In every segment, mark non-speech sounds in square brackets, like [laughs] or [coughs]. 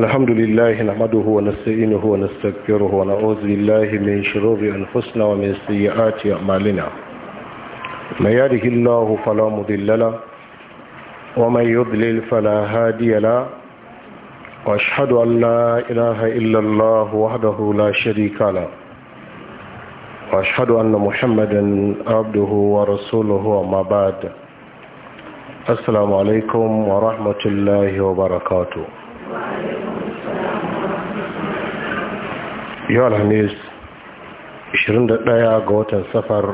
الحمد لله نحمده ونستعينه ونستغفره ونعوذ بالله من شرور أنفسنا ومن سيئات أعمالنا من يهده الله فلا مضل له ومن يضلل فلا هادي له وأشهد أن لا إله إلا الله وحده لا شريك له وأشهد أن محمدا عبده ورسوله وما بعد السلام عليكم ورحمة الله وبركاته yau alhamis 21 ga watan safar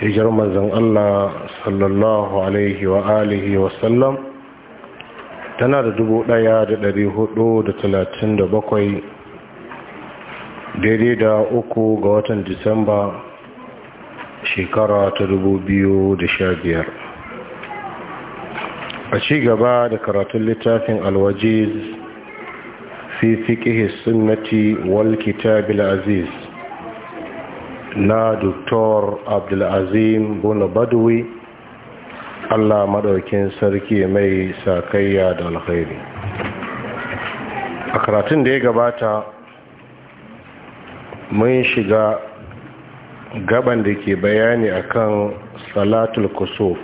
hijirar manzan Allah sallallahu alaihi wa alihi wasallam tana da bakwai daidai da uku ga watan disamba shekara ta da sha biyar. a ci gaba da karatun littafin alwajiz fi fiƙihi sunnati wal kitab aziz na doktor abdulazim bono badawi allah maɗaukin sarki mai sakayya da alkhairi a karatun da ya gabata mun shiga gaban da ke bayani akan salatul kusuf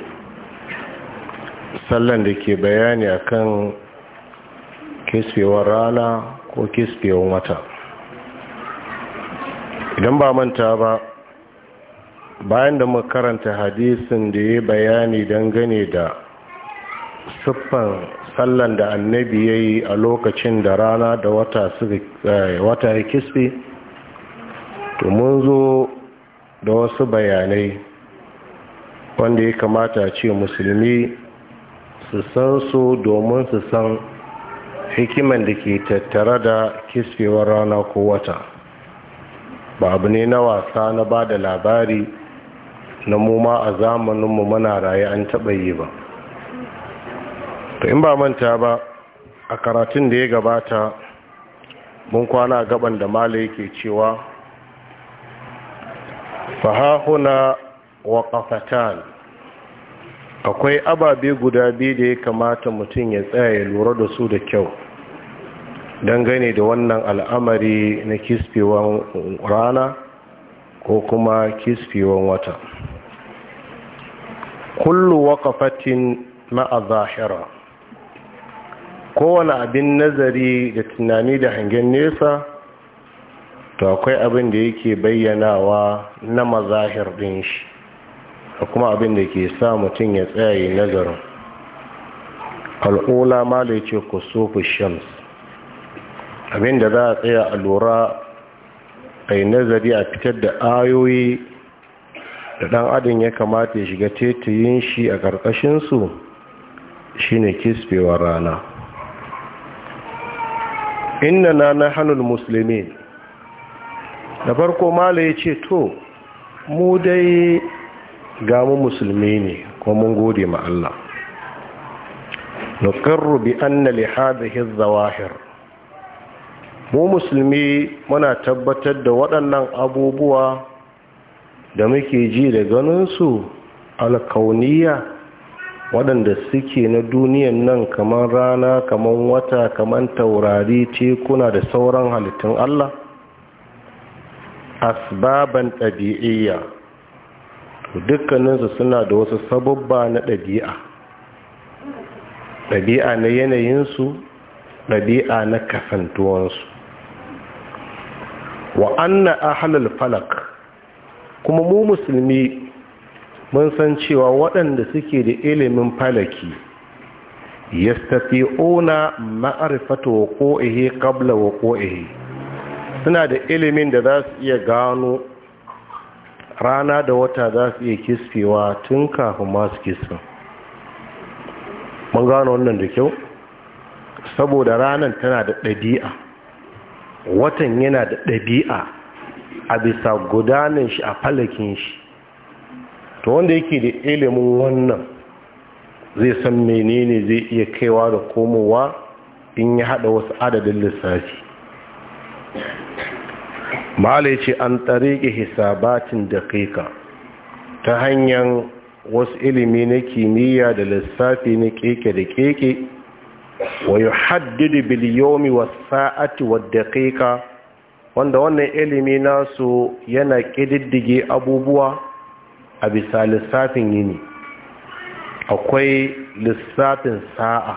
sallan da ke bayani akan kan kisfewar rana ko kisfewar wata idan ba manta ba bayan da muka karanta hadisin da ya bayani dangane da siffan sallan da annabi ya yi a lokacin da rana da wata eh, wata ya kisfe to mun zo da wasu bayanai wanda ya kamata ce musulmi su san su domin su san hikiman da ke tattare da kisfewar rana ko wata ba abu ne na wasa na ba da labari na muma a zamaninmu mana raye an taɓa yi ba to in ba manta ba a karatun da ya gabata mun kwana gaban da mala yake cewa fahahuna wa ƙafatan akwai ababe guda biyu da ya kamata mutum ya tsaya ya lura da su da kyau dangane da wannan al'amari na kisfewan rana ko kuma kisfewan wata kullu waƙafatin ma'a zahira kowane abin nazari da tunani da hangen nesa to akwai abin da yake bayyanawa na mazahir din shi da kuma abin da ke sa mutum ya tsaye nazarin al'ula ma da ya ce ku shams Abin da za a tsaya a lura a nazari a fitar da ayoyi da ɗan adin ya kamata ya shiga tetiyin shi a ƙarƙashinsu shine kisfewa rana inna na na hannun musulmi da farko mala ya ce to mu dai gamu musulmi ne kuma mun gode ma Allah bi anna na hadhihi zawahir mu musulmi muna tabbatar da waɗannan abubuwa da muke ji da ganinsu alkauniya waɗanda suke na duniyan nan kamar rana kamar wata kamar taurari tekuna da sauran halittun Allah asbaban ɗabi'iyya dukkaninsu suna da wasu sababba na ɗabi'a ɗabi'a na yanayinsu ɗabi'a na kasantuwansu wa anna halal falak kuma mu musulmi mun san cewa waɗanda suke da ilimin falaki ya tafi wa ko'ihe kabla wa ko'ihe suna da ilimin da za su iya gano rana da wata za su iya kisfewa tun kafin masu kisfin mun gano wannan da kyau saboda ranar tana da ɗabi'a watan yana da ɗabi'a a bisa gudanin shi a falakin shi to wanda yake da ilimin wannan zai san menene zai iya kaiwa da komowa in ya haɗa wasu adadin lissafi malai ce an tarike hisabatin daƙiƙa ta hanyar wasu ilimi na kimiyya da lissafi na keke da keke wa yuhaddidu bil yawmi sa'ati wad daqiqa wanda wannan ilimi nasu yana ƙididdige abubuwa a bisa lissafin yini akwai lissafin sa'a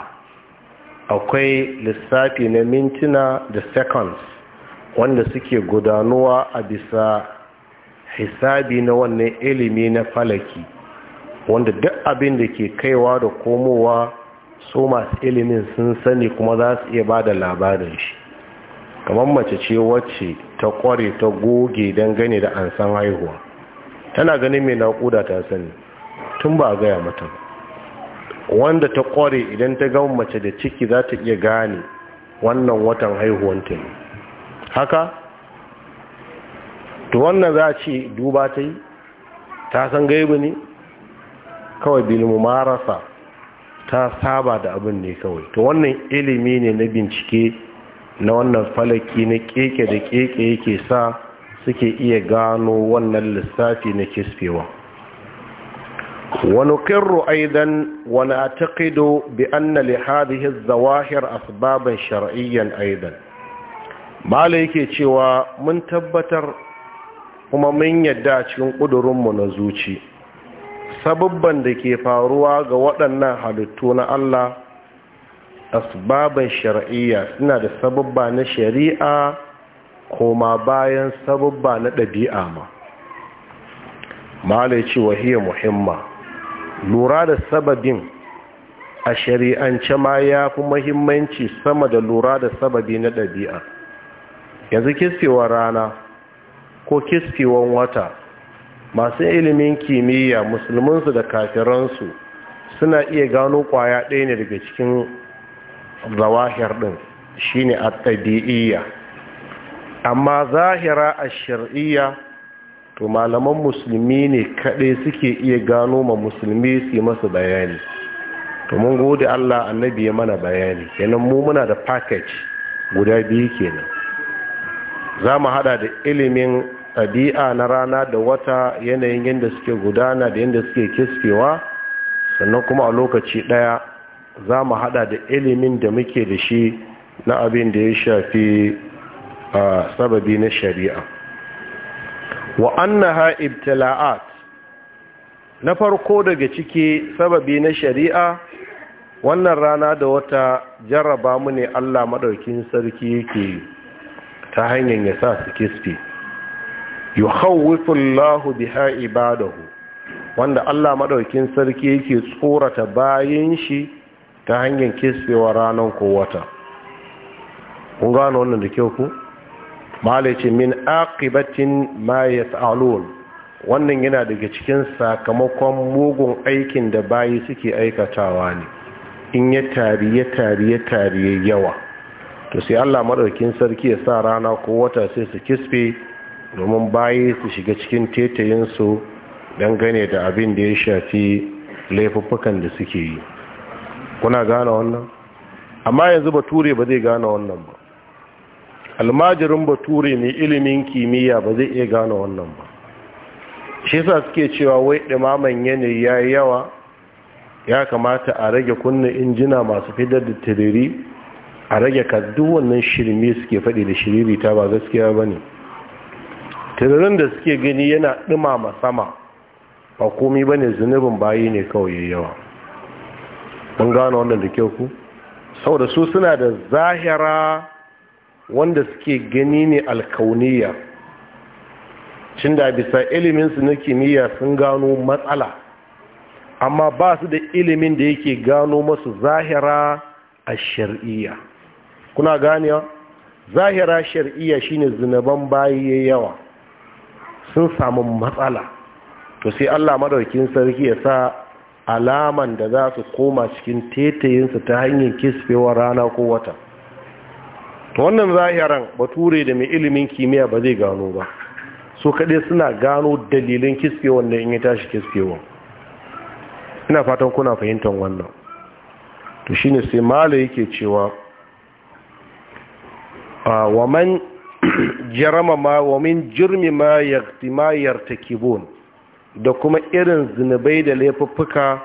akwai lissafi na mintuna da seconds wanda suke gudanuwa a bisa hisabi na wannan ilimi na falaki wanda duk abin da ke kaiwa da komowa su masu ilimin sun sani kuma za su iya ba da labarin shi kamar mace ce wacce ta kware ta goge don gane da an san haihuwa tana ganin mai naƙuda ta sani tun ba a gaya mata wanda ta kware idan ta gama mace da ciki za ta iya gane wannan watan haihuwanta ne haka to wannan za a ce duba ta yi ta san gaibu ne kawai bilmu marasa ta saba da abin ne kawai to wannan ilimi ne na bincike na wannan falaki na keke da keke yake sa suke iya gano wannan lissafi na kisfewa ونقر أيضا ونعتقد بأن لهذه الظواهر asbaban shar'iyyan aidan Bala yake cewa mun tabbatar kuma mun yadda cikin ƙudurinmu na zuci sababban da ke faruwa ga waɗannan halittu na Allah asbaban shari'a suna da sababba na shari'a koma bayan sababba na ɗabi'a ma malai wahiyar muhimma lura da sababin a shari'ance ma ya fi muhimmanci sama da lura da sababi na ɗabi'a yanzu kiskewar rana ko kiskewar wata masu ilimin kimiyya musulmansu da kafiransu suna iya gano kwaya ɗaya ne daga cikin zawahir ɗin shine a ɗabi'iyya amma zahira a shari'iyya to malaman musulmi ne kaɗai suke iya gano ma musulmi su yi masu bayani to mun gode Allah annabi ya mana bayani kenan mu muna da package guda biyu kenan za mu hada da ilimin ɗabi'a na rana da wata yanayin yadda suke gudana da yadda suke kiskewa sannan kuma a lokaci ɗaya za mu haɗa da ilimin da muke da shi na abin da ya shafi a sababi na shari'a wa annaha ibtila'at na farko daga ciki sababi na shari'a wannan rana da wata jarraba mu ne Allah maɗaukin sarki yake ta hanyar ya sa su kisfi yukhawwifu Allahu biha ibadahu wanda Allah madaukin sarki yake tsorata bayan shi ta hanyar kiswewa ranar ko wata kun gano wannan da kyau ku malice min aqibatin ma yaf'alun wannan yana daga cikin sakamakon mugun aikin da bayi suke aikatawa ne in ya tari ya tari ya tari yawa to sai Allah madaukin sarki ya sa rana ko wata sai su kisfe domin bayi su shiga cikin tetayinsu dangane da abin da ya shafi laifuffukan da suke yi kuna gane wannan amma yanzu bature ba zai gane wannan ba almajirin bature mai ilimin kimiyya ba zai iya gane wannan ba shi sa suke cewa wai ɗimaman yanayi ya yi yawa ya kamata a rage kunna injina masu fidar da tiriri a rage kaddu wannan shirme suke faɗi da shiririta ba gaskiya ba ne tirarin da suke gani yana dumama sama ba komi ba ne zunubin bayi ne kawai yawa ɗan gano wannan da kyau ku sau da su suna da zahira wanda suke gani ne alkauniya cin da bisa iliminsu na kimiyya sun gano matsala amma ba su da ilimin da yake gano masu zahira a shari'iyya kuna ganewa zahira shari'iyya shine zunuban bayi yawa sun samu matsala to sai Allah madaukin sarki ya sa alaman da za su koma cikin tetayinsu ta hanyar kisfewa rana ko wata to wannan zahiran bature da mai ilimin kimiyya ba zai gano ba so kaɗai suna gano dalilin kisfewa da in ya tashi kisfewa ina fatan kuna fahimtar wannan to shine sai mala yake cewa wa man jarama ma wa jirmi ma yaktima yartakibun da kuma irin zunubai da laifuffuka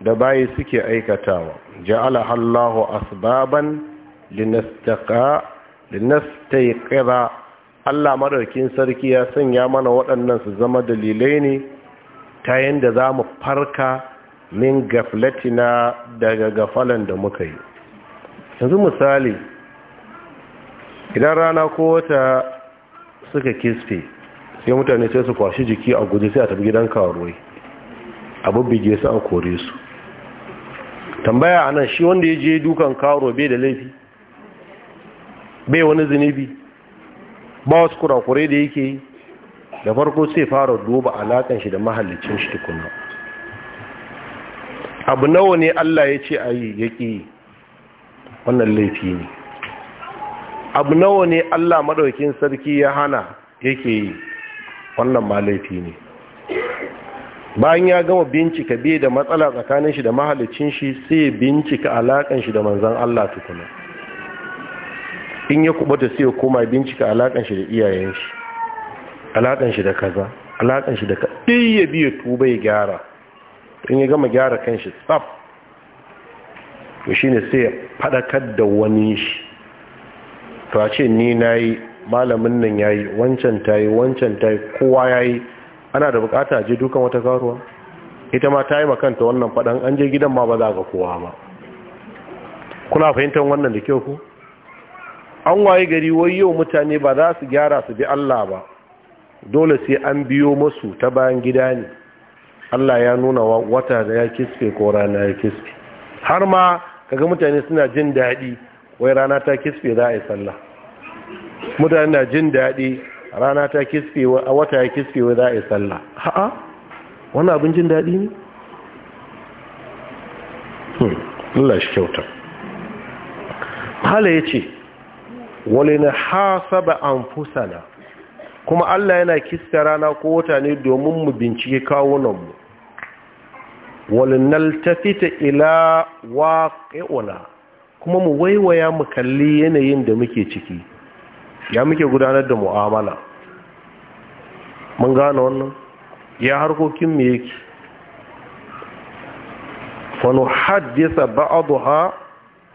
da bayi suke aikatawa ja'ala Allahu asbaban linastaqa Allah madaukin sarki ya sanya mana waɗannan su zama dalilai ne ta za mu farka min gaflatina daga gafalan da muka yi yanzu misali idan rana ko wata suka kisfe sai mutane sai su kwashi jiki a guji sai a tafi gidan kawarwai a babbige su a kore su tambaya anan shi wanda ya je dukan kawarwa bai da laifi bai wani zunubi ba wasu kurakurai da yake yi da farko sai fara duba alakan shi da mahallicin shi tukuna abu nawa ne Allah ya ce a yi yaƙi? wannan laifi ne abu nawa ne Allah maɗaukin sarki ya hana yake yi wannan ma laifi ne bayan ya gama bincika biye da matsala tsakanin shi da mahalicin shi sai ya bincika alaƙan shi da manzan Allah tukuna in ya kubuta sai ya koma bincika alaƙan shi da iyayen shi alaƙan shi da kaza alaƙan shi da ka ya biya tuba ya gyara in ya gama gyara kanshi tsaf to shine sai ya faɗaƙar da wani shi to a ce ni na yi malamin nan ya yi wancan ta yi wancan ta yi kowa ya yi ana da bukata a je dukan wata karuwa ita ma ta yi makanta wannan faɗan an je gidan ma ba za ga kowa ba kuna fahimtar wannan da kyau ku an waye gari wai yau mutane ba za su gyara su bi Allah ba dole sai an biyo masu ta bayan gida ne Allah ya nuna wata da ya kiske ko rana ya kiske har ma kaga mutane suna jin daɗi wai rana ta kisfe za a yi sallah mutane na jin daɗi rana ta kisfe a wata ya kisfe wai za a yi sallah ha'a wani abin jin daɗi ne? Hmm, Allah shi kyauta hala ya ce wale na hasaba an fusana kuma Allah yana kiska rana ko wata ne domin mu bincike kawunanmu wale naltafita ila waƙe'una kuma mu waiwaya mu kalli yanayin da muke ciki ya muke gudanar da mu'amala mun gane wannan ya harkokin mu yake fa hadisa ba'daha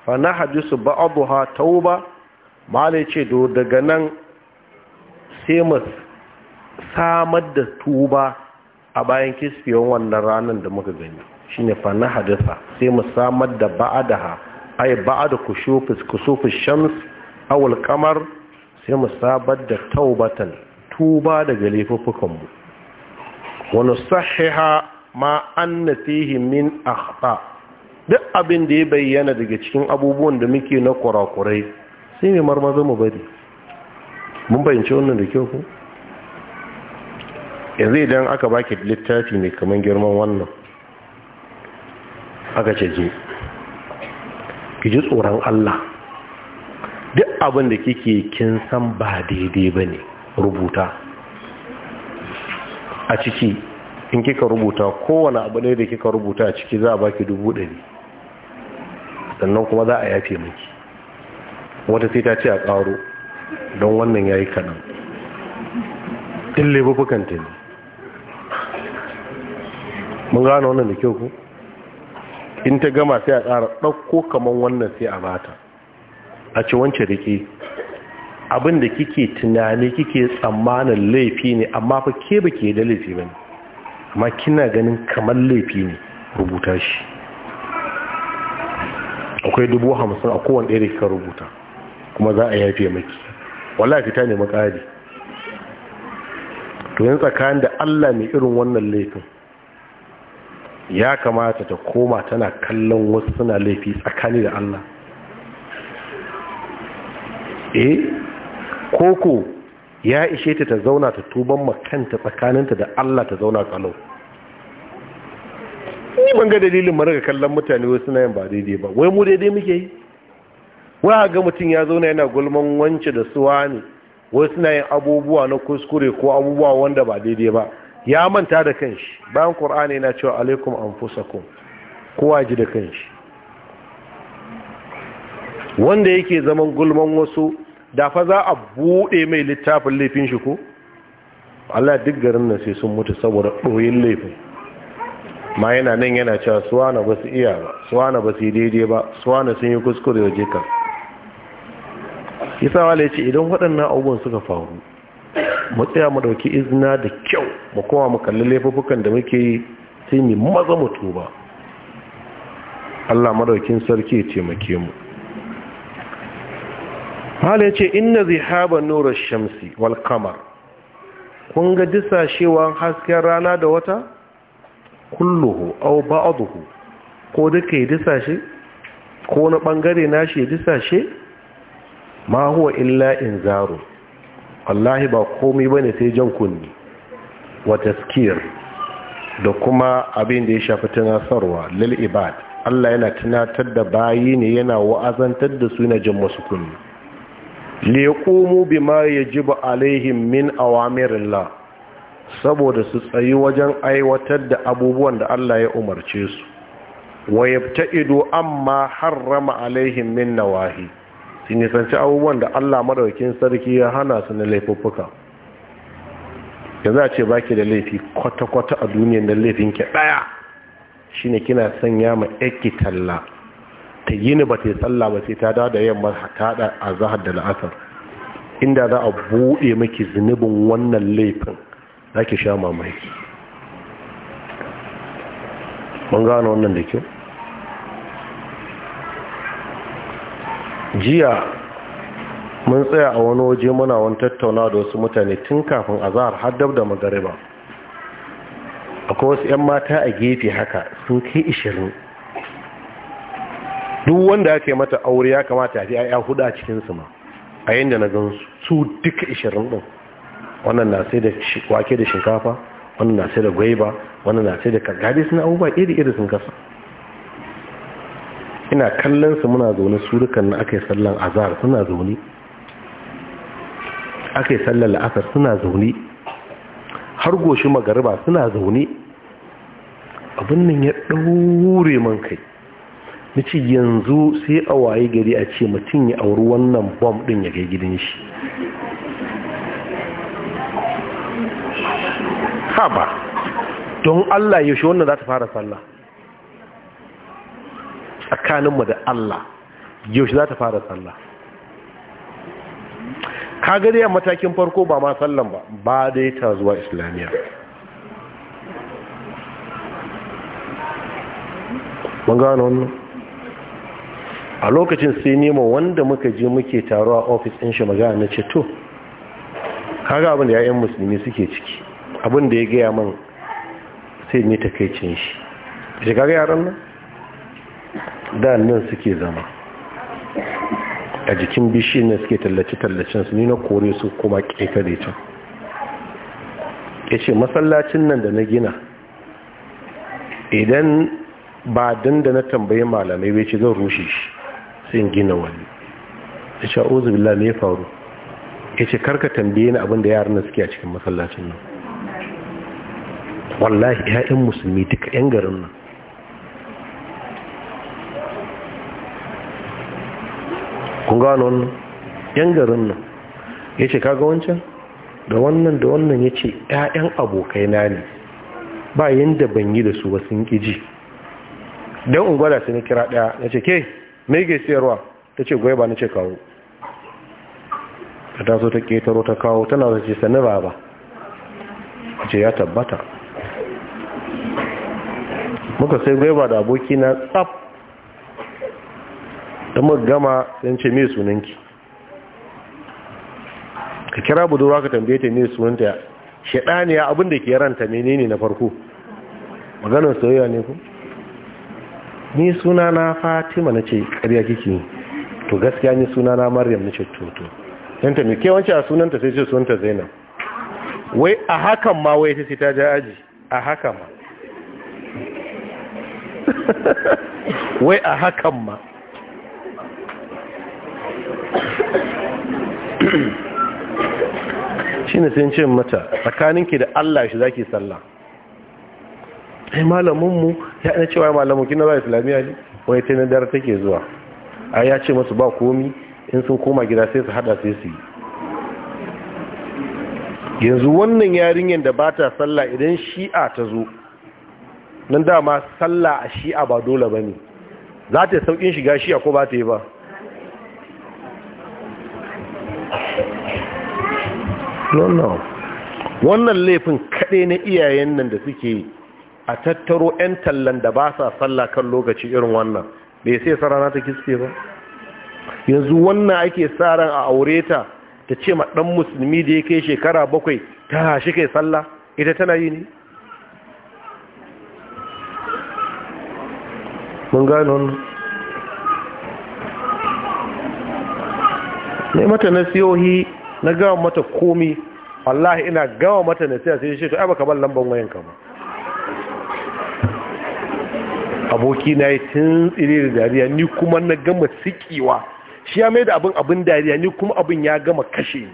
fa hadisu ba'daha tauba male ce do daga nan sai mu samar da tuba a bayan kisfiyon wannan ranar da muka gani shine fa hadisa sai mu samar da ba'daha ay ba'da kusuf ash shams aw al-qamar sai mu sabar da taubatan tuba daga laifuffukan mu wa nusahhiha ma anna fihi min akhta duk abin da ya bayyana daga cikin abubuwan da muke na kurakurai sai mai marmazo mu bari mun bayyance wannan da kyau ko yanzu idan aka baki littafi mai kaman girman wannan aka ce je ki ji tsoron Allah duk abin da kike kin san ba daidai ba ne rubuta a ciki in kika rubuta kowane abu ne da kika rubuta a ciki za a baki dubu ɗari sannan kuma za a yafe miki wata sai ta ce a ƙaro don wannan ya yi kaɗan ɗin laifukanta ne mun gano wannan da kyau ku in ta gama sai a tsara ɗauko kamar wannan sai a bata a ci wance rike abin da kike tunani kike tsammanin laifi ne amma fa ke ba ke da laifi ba ne amma kina ganin kamar laifi ne rubuta shi akwai dubu hamsin a kowane ɗaya da kika rubuta kuma za a yafe maki wala fita ne makari to yin tsakanin da allah mai irin wannan laifin ya kamata ta koma tana kallon wasu suna laifi tsakani da Allah eh koko ya ishe ta ta zauna ta tuban makanta tsakaninta da Allah ta zauna kalau ni ban ga dalilin mu kallon mutane wasu suna yin ba daidai ba wai mu daidai muke yi wai ga mutum ya zauna yana gulman wance da suwa ne wasu suna yin abubuwa na kuskure ko abubuwa wanda ba daidai ba ya manta da kanshi bayan ƙur'ani na cewa alaikum an kowa ji da kanshi wanda yake zaman gulman wasu dafa za a buɗe mai littafin laifin shi ko Allah duk garin nan sai sun mutu saboda ɗoyin laifin ma yana nan yana cewa suwana ba su iya ba suwana ba su yi daidai ba suwana sun yi kuskure waje ka isa wale ce idan waɗannan abubuwan suka faru mu tsaya mu dauki izina da kyau mu kowa mu kalli laifukan da muke yi sai mu maza mu tuba Allah madaukin sarki ya taimake mu ya ce inna zihaban nurar shamsi wal kamar kun ga disashewan hasken rana da wata kulluhu au ba'dahu ko duka ya disashe ko na bangare nashi ya disashe ma huwa illa zaro. wallahi ba komai bane sai jan kunni wa taskir da kuma abin da ya shafi tunasarwa lil ibad Allah yana tunatar da bayi ne yana wa'azantar da su na jin musu kunni liqumu bima yajibu alaihim min awamirillah saboda su tsayi wajen aiwatar da abubuwan da Allah ya umarce su wa yabta'idu amma harrama alaihim min nawahi su nisanci abubuwan da allah madaukin sarki ya hana su na laifuffuka za a ce ba baki da laifi kwata-kwata a duniyan da laifin ke daya shine kina sanya ma yake talla ta yi ni ba ta yi tsalla ba sai ta dawo da yamma ta da a zahar da la'asar inda za a buɗe maki zunubin wannan laifin za ki sha mamaki mun gano wannan da kyau jiya mun tsaya a wani waje muna wani tattauna da wasu mutane tun kafin azahar haddab da magariba akwai wasu 'yan mata a gefe haka sun kai ishirin duk wanda ake mata aure ya kamata a fi 'ya'ya hudu a cikinsu ma a yadda na gan su duka ishirin din, wannan na sai da wake da shinkafa wannan na sai da gwaiba wannan na sai da kagadi suna abubuwa iri-iri sun kasa ina kallon su muna zaune surukan na aka yi sallan azhar suna zaune aka yi sallan la'asar suna zaune har goshi magariba suna zaune abin nan ya ɗaure man kai nace yanzu sai a waye gari a ce mutum ya auri wannan bom ɗin ya gai gidan shi ha ba don allah yaushe wannan za ta fara sallah tsakaninmu da Allah yaushe za ta fara sallah Ka dai a matakin farko ba ma sallan ba ba dai ta zuwa islamiyya mun gano wannan a lokacin sai nema wanda muka je muke taro a ofis ɗin shi magana na ceto to kaga abin da ya'yan musulmi suke ciki abin da ya gaya man sai ne takaicin shi shi kaga yaran nan da nan suke zama a jikin bishiyar ne suke tallace-tallacen su ni na kore su kuma ƙetare can ya ce masallacin nan da na gina idan ba dan da na tambayi malamai bai ce zan rushe shi sai gina wani ya ce ozu billah ya faru ya ce karka tambaye ni abinda yaran suke a cikin masallacin nan wallahi 'ya'yan musulmi duka 'yan garin nan kun gano wannan yan garin nan ya ce kaga wancan da wannan da wannan ya ce 'ya'yan abokai na ne ba yadda ban yi da su ba sun ƙiji don ungwada su na kira ɗaya na ce ke mai ke siyarwa ta ce gwai ba na ce kawo ta taso ta ƙetaro ta kawo tana da ce sani ba ba a ce ya tabbata muka sai gwaiba da aboki na tsaf da muka gama sun ce mai sunanki ka kira budurwa ka tambaye ta mai sunanta shaɗaniya abinda ke ranta menene na farko maganin soyayya ne ku ni suna na fatima na ce ƙarya kiki to gaskiya ni suna na maryam na ce toto yanta mai kewanci a sunanta sai ce sunanta zainab wai a hakan ma wai ta ta ja aji a haka ma [laughs] wai a hakan ma [coughs] shi ne sai ce mata tsakaninki da Allah shi zaki sallah ai malaminmu ya ina cewa malamin kina ba islamiyya ne wani ta na dare take zuwa a ya ce masu ba komi in sun koma gida sai su hada sai su yi yanzu wannan yarinyar da ba ta sallah idan shi'a ta zo nan dama sallah a shi'a ba dole ba ne za ta yi saukin shiga shi'a ko ba ta yi ba no wannan laifin kaɗai na iyayen nan da suke a tattaro ƴan tallan da ba sa sallah kan lokaci irin wannan bai sai sarana ta kiske ba yanzu wannan ake sa a aure ta ta ce ma ɗan musulmi da ya kai shekara bakwai ta shi kai sallah ita tana yi ne mun gane wannan ne mata nasiyohi na gawa mata komi wallahi ina gawa mata na siya sai shi to ai baka bar lambar ka ba aboki na yi tun tsire da dariya ni kuma na gama sikiwa shi ya mai da abin abin dariya ni kuma abin ya gama kashe ni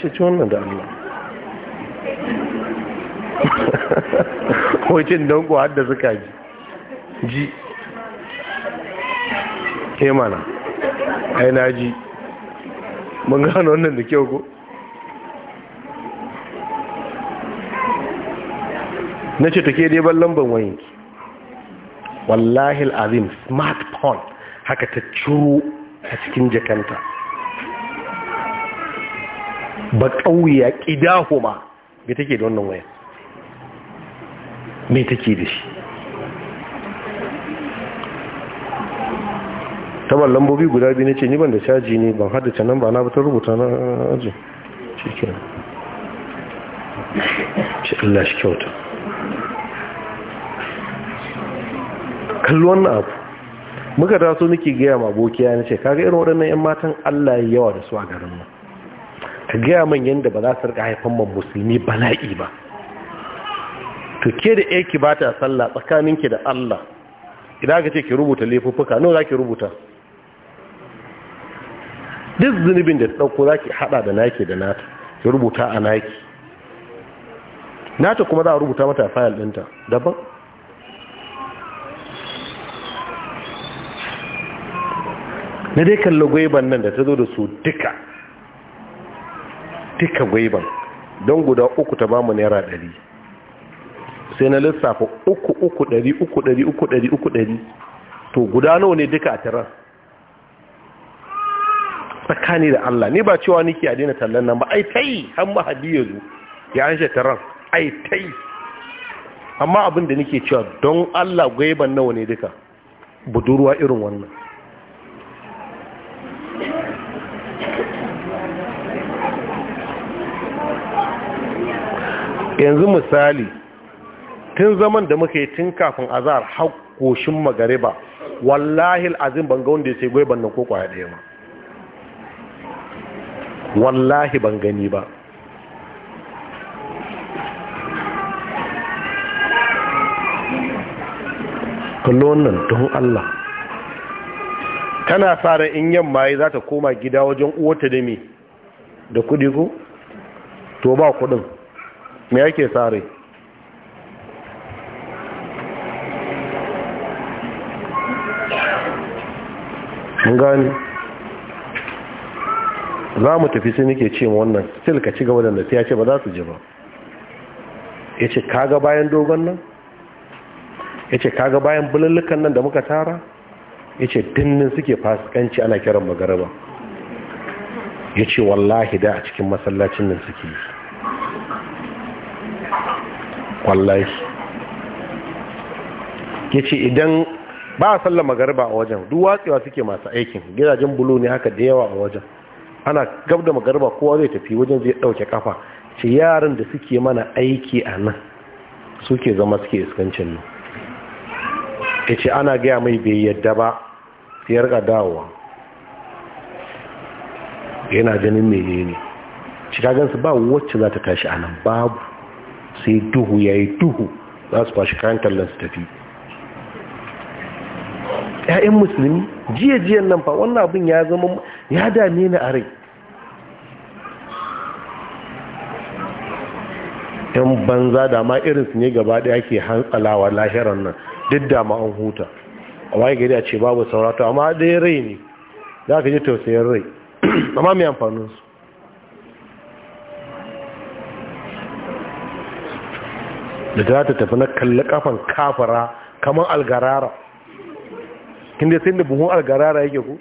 ce ci wannan da Allah cin don ko hadda suka ji ji ke mana ai na ji mun gano wannan da kyau ko na ce take dai ban lamban wayanki wallahi smart smartphone haka ta ciro a cikin jakanta ba ƙauya ƙidahuma me take da wannan waya me take da shi taban lambobi guda biyu ce ni ban da caji ne ban haddace nan ba na ba ta rubuta na aji shikenan shi Allah shi kyauta kalluwan na abu muka taso nake gaya ma abokiya na ce kaga irin waɗannan 'yan matan Allah ya yawa da su a garin nan ka gaya man yadda ba za su rika haifan man musulmi bala'i ba to ke da ki ba ta sallah ki da Allah idan aka ce ki rubuta laifuffuka nawa za ki rubuta duk zunubin da ta ɗauko za ki haɗa da naki da nata ki rubuta a naki nata kuma za a rubuta mata fayil ɗinta daban na dai kalli gwaiban nan da ta zo da su duka duka gwaiban don guda uku ta bamu naira ɗari sai na lissafa uku uku ɗari uku ɗari uku ɗari uku ɗari to guda nawa ne duka a tarar tsakani da Allah ni ba cewa niki a daina tallan nan ba ai tai har mahadi ya zo ya an ai tai amma abin da nike cewa don Allah gaiban nawa ne duka budurwa irin wannan yanzu misali tun zaman da muka yi tun kafin azar haƙoshin koshin magariba wallahi azin ban ga wanda ya sai gaiban nan ko kwaya ɗaya yamma wallahi ban gani ba kallo don Allah kana fara in yamma yi za ta koma gida wajen uwata da me da kudi ko to ba kudin mai yake sare gani za mu tafi sai nake ce wannan still ka ci gaba da nasiya ce ba za su ji ba ya ce kaga bayan dogon nan ya ce kaga bayan bulallukan nan da muka tara ya ce dinnin suke fasikanci ana kiran magaraba ya ce wallahi da a cikin masallacin nan suke yi wallahi ya ce idan ba a sallama garba a wajen duwatsewa suke masu aikin gidajen bulu ne haka da yawa a wajen ana gab da magarba kowa zai tafi wajen zai ɗauke kafa ce yaran da suke mana aiki a nan suke zama suke iskancin nan ya ce ana gaya mai bai yadda ba sai ya rika dawowa yana ganin mene ne gansu ba wacce za ta tashi a nan babu sai duhu ya yi duhu za su fashi kayan tallan su tafi Ya'yan musulmi jiya nan fa wannan abin ya zama ya dame ni a rai yan banza da ma irin su ne gaba ɗaya ke hantsalawa lahiran nan duk da ma an huta amma gari a ce babu saurata amma ɗaya rai ne za ka ji tausayin rai [clears throat] amma mai amfanin su da za ta tafi na kalli kafan kafara kamar algarara kin sai da buhun algarara yake ku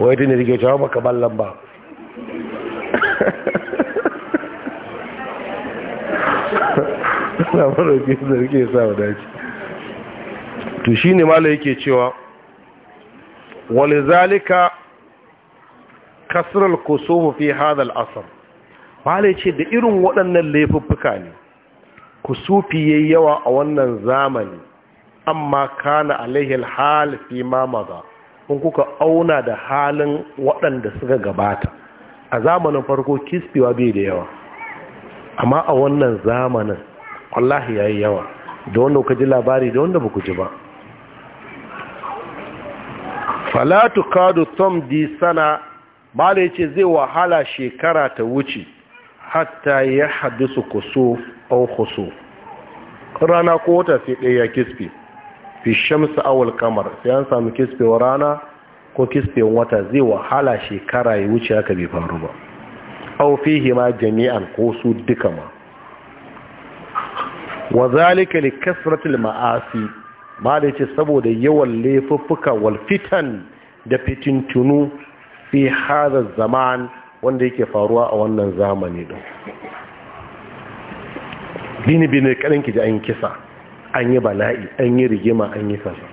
wai ta ne rike cewa maka ballan ba na ke da rike sa wa dace to shi mala yake cewa wale zalika kasirar kosovo fi al asar mala ce da irin waɗannan laifuffuka ne kusufi yayi yawa a wannan zamani amma kana alaihil hal fi ma maza kun kuka auna da halin waɗanda suka gabata a zamanin farko kispiwa bai da yawa amma a wannan zamanin wallahi yayi yawa da wanda kuka ji labari da wanda baku ji ba falatu kadu tom di sana bala yace zai wahala shekara ta wuce hatta ya hadisu kusuf au khusuf rana ko wata sai ɗaya kispiwa fi shamsu awal kamar sai an samu kisfewar rana ko kisfewar wata zai wahala shekara ya wuce haka bai faru ba au fi ma jami'an ko su duka ma wa zalika li kasratil ma'asi da yace saboda yawan laifuffuka wal fitan da fitintunu fi hadha zaman wanda yake faruwa a wannan zamani din bini bini kadan ki ji an kisa an yi bala'i an yi rigima an yi kasa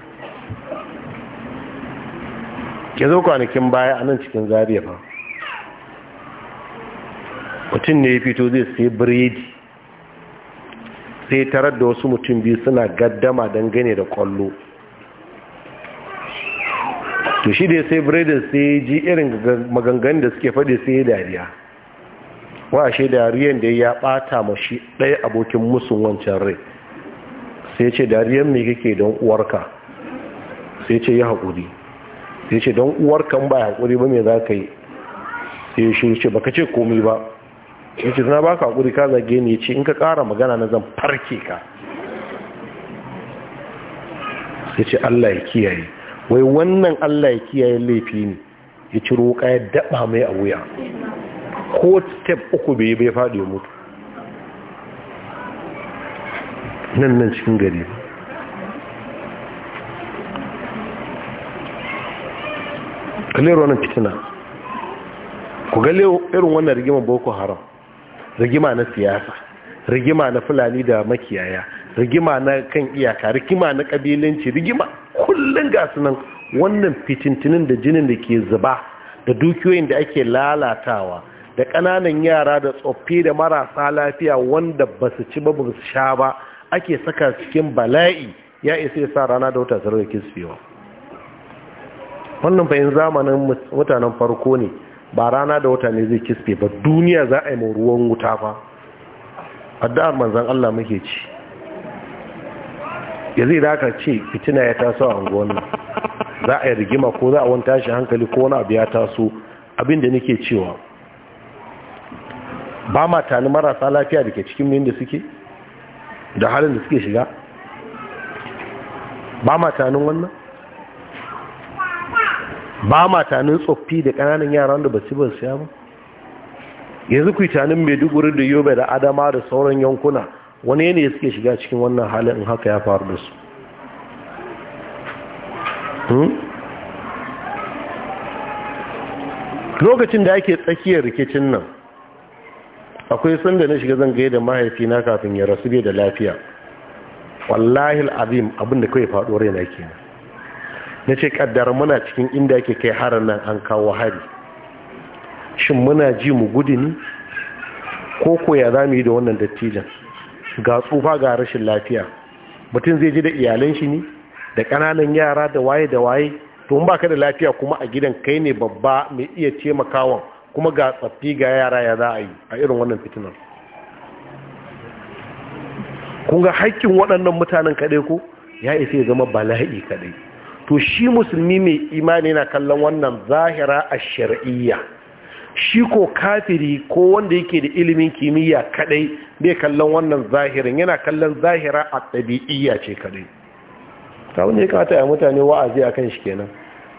ke zo kwanakin baya a nan cikin zariya ba mutum ne ya fito zai sai biredi sai tarar da wasu mutum biyu suna gaddama dangane da kwallo to shi da ya sai biredin sai ji irin maganganu da suke faɗi sai ya dariya wa ashe dariyan da ya ɓata ma shi ɗaya abokin musu wancan rai sai ce dariyar mai kake don uwarka sai ce yi haƙuri sai ce don uwarka ba haƙuri ba me za ka yi sai ya shiru ce baka ce komi ba ya ce ba baka haƙuri ka zage ni ya ce in ka ƙara magana na zan farke ka sai ce Allah ya kiyaye wai wannan Allah ya kiyaye laifi ne ya ciro ya daɓa mai a wuya ko step uku bai bai faɗi mutu nan nan cikin gari kalero wannan fitina ku ga irin wannan rigima boko haram rigima na siyasa rigima na fulani da makiyaya rigima na kan iyaka rigima na kabilanci rigima kullum gasu nan. wannan fitintinin da jinin da ke zuba da dukiyoyin da ake lalatawa da ƙananan yara da tsoffi da marasa lafiya wanda ba su ci ba ba su sha ba ake saka cikin bala'i ya isa sa rana da wata sarar da kisfiwa wannan fahim zamanin mutanen farko ne ba rana da wata ne zai kisfe ba duniya za a yi ruwan wuta fa addu'ar manzan Allah muke ci ya zai daga ce fitina ya taso a unguwanni za a yi rigima ko za a wani tashi hankali ko wani abu ya taso abinda nake cewa ba ma marasa lafiya da ke cikin min da suke da halin da suke shiga ba matanin wannan ba matanin tsoffi da ƙananan yaran da ba su ba su ba yanzu ku yi tanin maiduguri da yobe da adama da sauran yankuna wani yanayi suke shiga cikin wannan halin in haka ya faru da su hmm? lokacin da ake tsakiyar rikicin nan akwai sanda na shiga zan da mahaifina kafin ya rasu bai da lafiya wallahi al'azim abinda kawai faɗo yana ke na ce kaddara muna cikin inda ake kai harin nan an kawo hari shin muna ji mu gudu ni? ko koya za mu yi da wannan dattijan ga tsufa ga rashin lafiya mutum zai ji da iyalan shi ne da ƙananan yara da waye da waye to ba baka da lafiya kuma a gidan kai ne babba mai iya taimakawa kuma ga tsaffi ga yara ya za a yi a irin wannan fitinar kun ga haƙƙin waɗannan mutanen kaɗai ko ya isa ya zama bala'i kaɗai to shi musulmi mai imani na kallon wannan zahira a shari'iyya shi ko kafiri ko wanda yake da ilimin kimiyya kaɗai bai kallon wannan zahirin yana kallon zahira a ɗabi'iyya ce kaɗai ta wani ya kata ya mutane wa'azi a kan shi kenan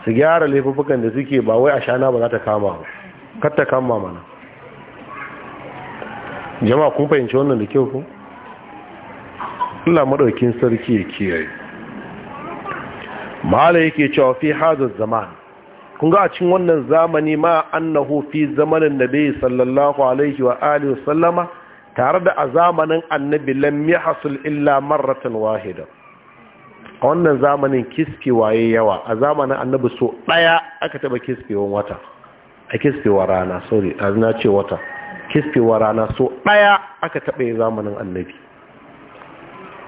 su gyara laifukan da suke ba wai a shana ba za ta kama ba katta kama mana jama'a kun fahimci wannan da kyau ku Allah madaukin sarki ya kiyaye mala yake cewa fi hadha zaman kun ga a cikin wannan zamani ma annahu fi zamanin nabi sallallahu alaihi wa alihi sallama tare da a zamanin annabi lam yahsul illa maratan wahida a wannan zamanin kiskewaye yawa a zamanin annabi so ɗaya aka taɓa kiskewan wata a kispewa rana sorry a na ce wata kispewa rana so ɗaya aka taɓa yi zamanin annabi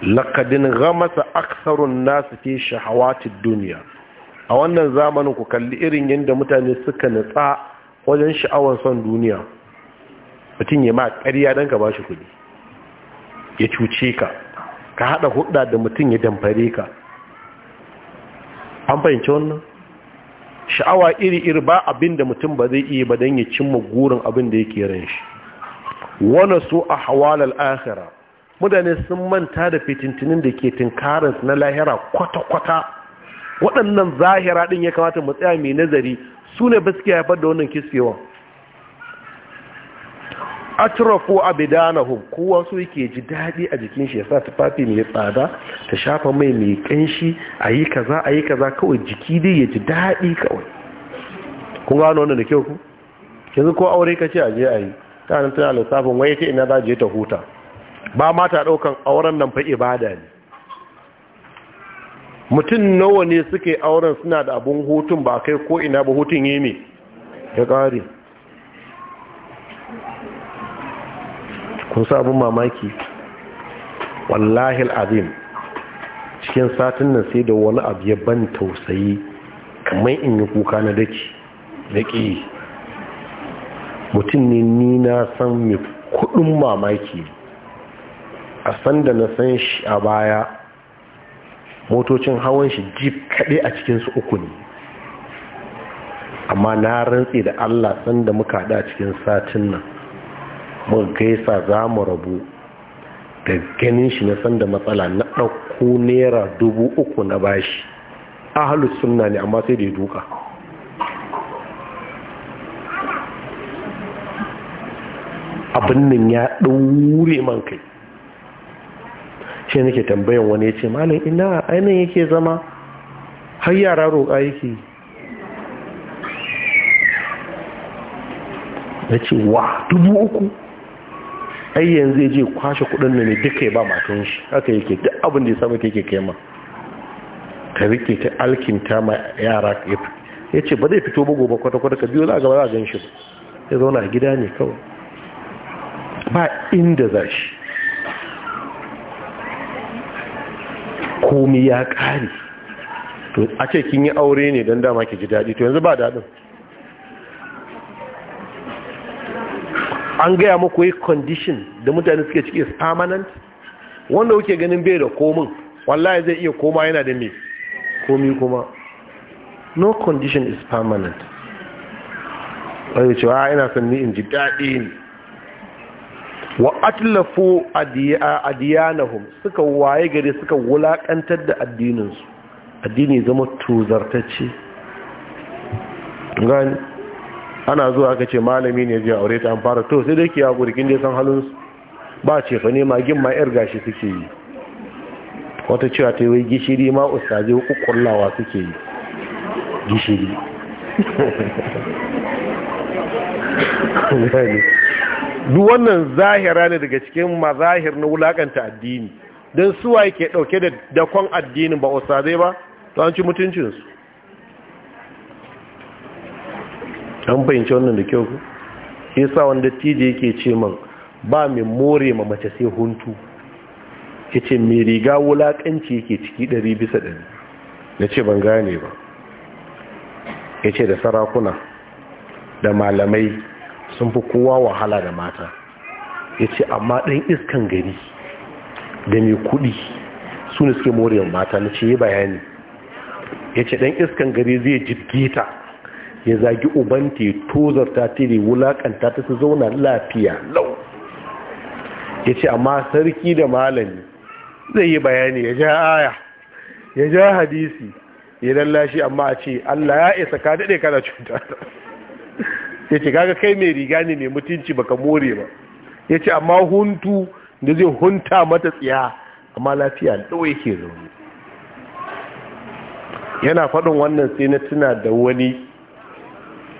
lakadin gamasa aksarun nasu fi shahawatin duniya a wannan zamanin ku kalli irin yadda mutane suka nutsa wajen sha'awar son duniya mutum ya ma ƙarya don ka ba shi kuɗi ya cuce ka ka haɗa huɗa da mutum ya damfare ka an fahimci wannan sha'awa iri-iri ba abin da mutum ba zai iya ba don ya cimma gurin abin da yake ran shi wani su a hawalar akhira mutane sun manta da fitintinin da ke tinkarinsu na lahira kwata-kwata waɗannan zahira ɗin ya kamata mu tsaya mai nazari su ne ba suke haifar da wannan kiskewa atrafu abidanahum kowa su yake ji daɗi a jikin shi yasa tufafi mai tsada ta shafa mai mai kanshi ayi kaza ayi kaza kawai jiki dai ya ji daɗi kawai kun gano wannan da kyau ku yanzu ko aure kace a je ayi ta nan tana lissafin wai ta ina za je ta huta ba ma ta daukan auren nan fa ibada ne mutum nawa ne suke auren suna da abun hutun ba kai ko ina ba hutun yi me ya kare kun sa abin mamaki wallahi al'azim cikin satin nan sai da wani abu ya ban tausayi kamar in yi kuka na daki daki mutum ne ni na san mai kudin mamaki a sanda na san shi a baya motocin hawan shi jeep kaɗai a cikinsu uku ne amma na rantse da allah sanda muka haɗa cikin satin nan Mun kai sa za mu rabu da ganin shi na sanda matsala na ɗauko naira dubu uku na bashi ahalus sunna ne amma sai da ya duka abin nan ya ɗaure man kai shi nake tambayan wani ya ce malam ina ainihin yake zama har yara roƙa yake na ce wa dubu uku ai yanzu ya je kwashe kudin ne duka ya ba matan shi haka yake duk abin da ya samu take kai ma ka rike ta alkinta ma yara Yace ce ba zai fito ba gobe kwata-kwata ka biyo za a gaba za a gan shi ya zauna a gida ne kawai ba inda za shi komi ya kare to a ce kin yi aure ne don dama ki ji daɗi to yanzu ba daɗin an gaya muku yi condition da mutane suke ciki is permanent wanda kuke ganin bai da komin wallahi zai iya koma yana da me komi kuma no condition is permanent wani cewa ah, ina son ni in ji daɗi ne wa atlafu adiyanahum suka waye gari suka wulakantar da addininsu addini zama tuzartacce gani ana zuwa aka ce malami ne zai aure ta an fara to sai dai ke hakuri kin dai san halin ba ce fa ne magin ma yar gashi suke yi wata cewa ta yi gishiri ma ustaje kukullawa suke yi gishiri [laughs] duk wannan zahira ne daga cikin mazahir na wulakanta addini don suwa ke dauke da dakon addinin ba ustaze ba to an ci mutuncinsu an fahimci wannan da kyau shi sa wanda tije yake ce man ba mai more ma mace sai huntu ya ce mai riga wulaƙanci yake ciki ɗari bisa ɗari na ce ban gane ba ya ce da sarakuna da malamai sun fi kowa wahala da mata ya ce amma ɗan iskan gari da mai kuɗi su ne suke moriyar mata na ce yi bayani ya ce ɗan iskan gari zai jirgita ya zagi ubanta ya tozarta ta tere wulakanta ta su zauna lafiya lau ya ce amma sarki da malami zai yi bayani ya ja aya ya ja hadisi ya lallashi amma a ce allah ya isa ka daɗe kana cuta ya ce kaga kai mai riga ne mai mutunci baka more ba ya ce amma huntu da zai hunta mata tsiya amma lafiya lau yake zaune yana faɗin wannan sai na tuna da wani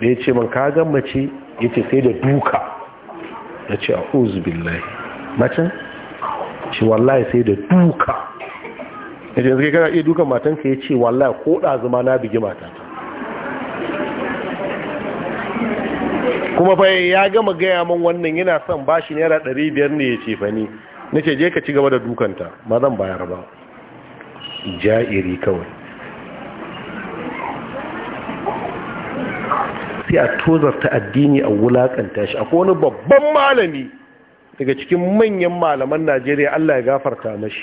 da ya ce man kagan mace ya ce sai da duka na ce a uzubillahi macin ce wallahi sai da duka ya ce zai kana iya dukan matanka ya ce wallahi ko ɗazuma na bigi matata kuma fa ya gama gaya man wannan yana son bashi naira dari biyar ne ya ce fa ni na ce je ka ci gaba da dukanta ma zan bayar ba ja'iri kawai sai a tozarta addini a wulakanta shi akwai wani babban malami daga cikin manyan malaman najeriya allah ya gafarta mashi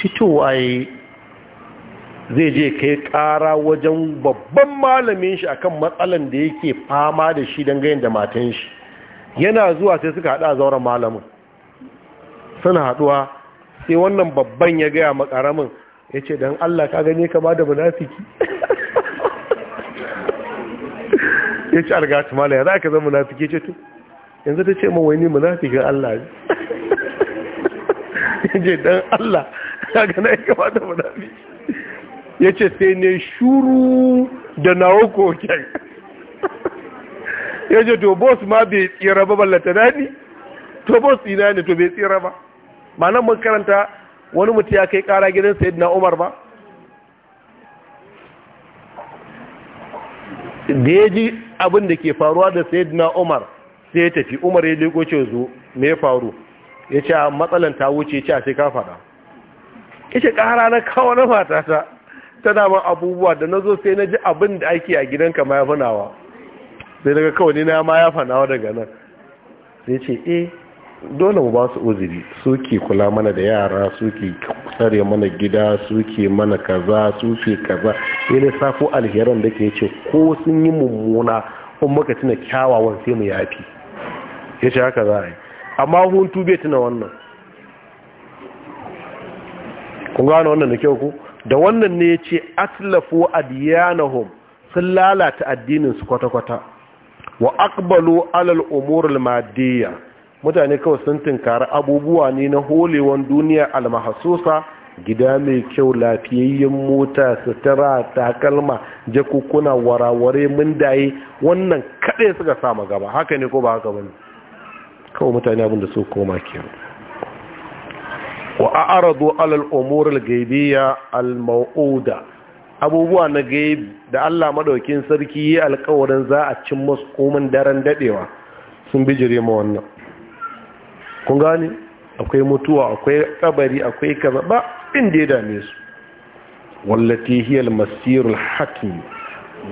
fitowa ya zai je kai kara wajen babban malamin shi akan matsalan da yake fama da shi don gayin da matan shi yana zuwa sai suka haɗa zauren malamin suna haɗuwa sai wannan babban ya gaya makaramin ya ce don allah ka gane kama da munafiki [laughs] ya ci arga ta mala ya za ka zama munafiki ce tu? yanzu ta ce ma wani munafikin Allah ne je [laughs] dan Allah kaga na ya da munafiki ya ce sai ne shuru da nawo koken [laughs] ya ce to boss ma bai tsira ba ballata dani to boss ina ne to bai tsira ba ma nan mun karanta wani mutum ya kai kara gidan sayyidina Umar ba da ya ji abin da ke faruwa da sayyidina Umar sai ya tafi Umar ya liko ce zo me ya faru ya ce matsalan ta wuce ya ce a sai ka faɗa ya ce ƙara na kawo na matata tana ma abubuwa da na zo sai na ji abin da ake a gidanka ma ya fanawa sai daga kawai na ma yafanawa daga nan sai ce eh dole mu ba su uzuri suke kula mana da yara suke tsare mana gida suke mana kaza suke kaza ya safo alheran da ke ce ko sun yi mummuna kuma muka tuna kyawawan sai mu yafi ya ce haka za a yi amma hutu bai tuna wannan kun gano wannan da kyau ku da wannan ne ya ce aslafu adiyanahum sun lalata addinin su kwata-kwata wa akbalo alal umurul madiyya mutane kawai sun tunkari abubuwa ne na holewan duniya almahasusa gida mai kyau lafiyayyen mota sutura takalma jakukuna waraware mundaye wannan kaɗai suka samu gaba haka ne ko ba haka bane kawai mutane abinda su koma ke wa a'radu alal umur al-ghaibiyya al abubuwa na gaib da Allah madaukin sarki alƙawarin za a cin musu komin daren dadewa sun bijire mu wannan kun gane akwai mutuwa akwai kabari akwai kaza ba inda ya dame su wallati hiyal masirul hakim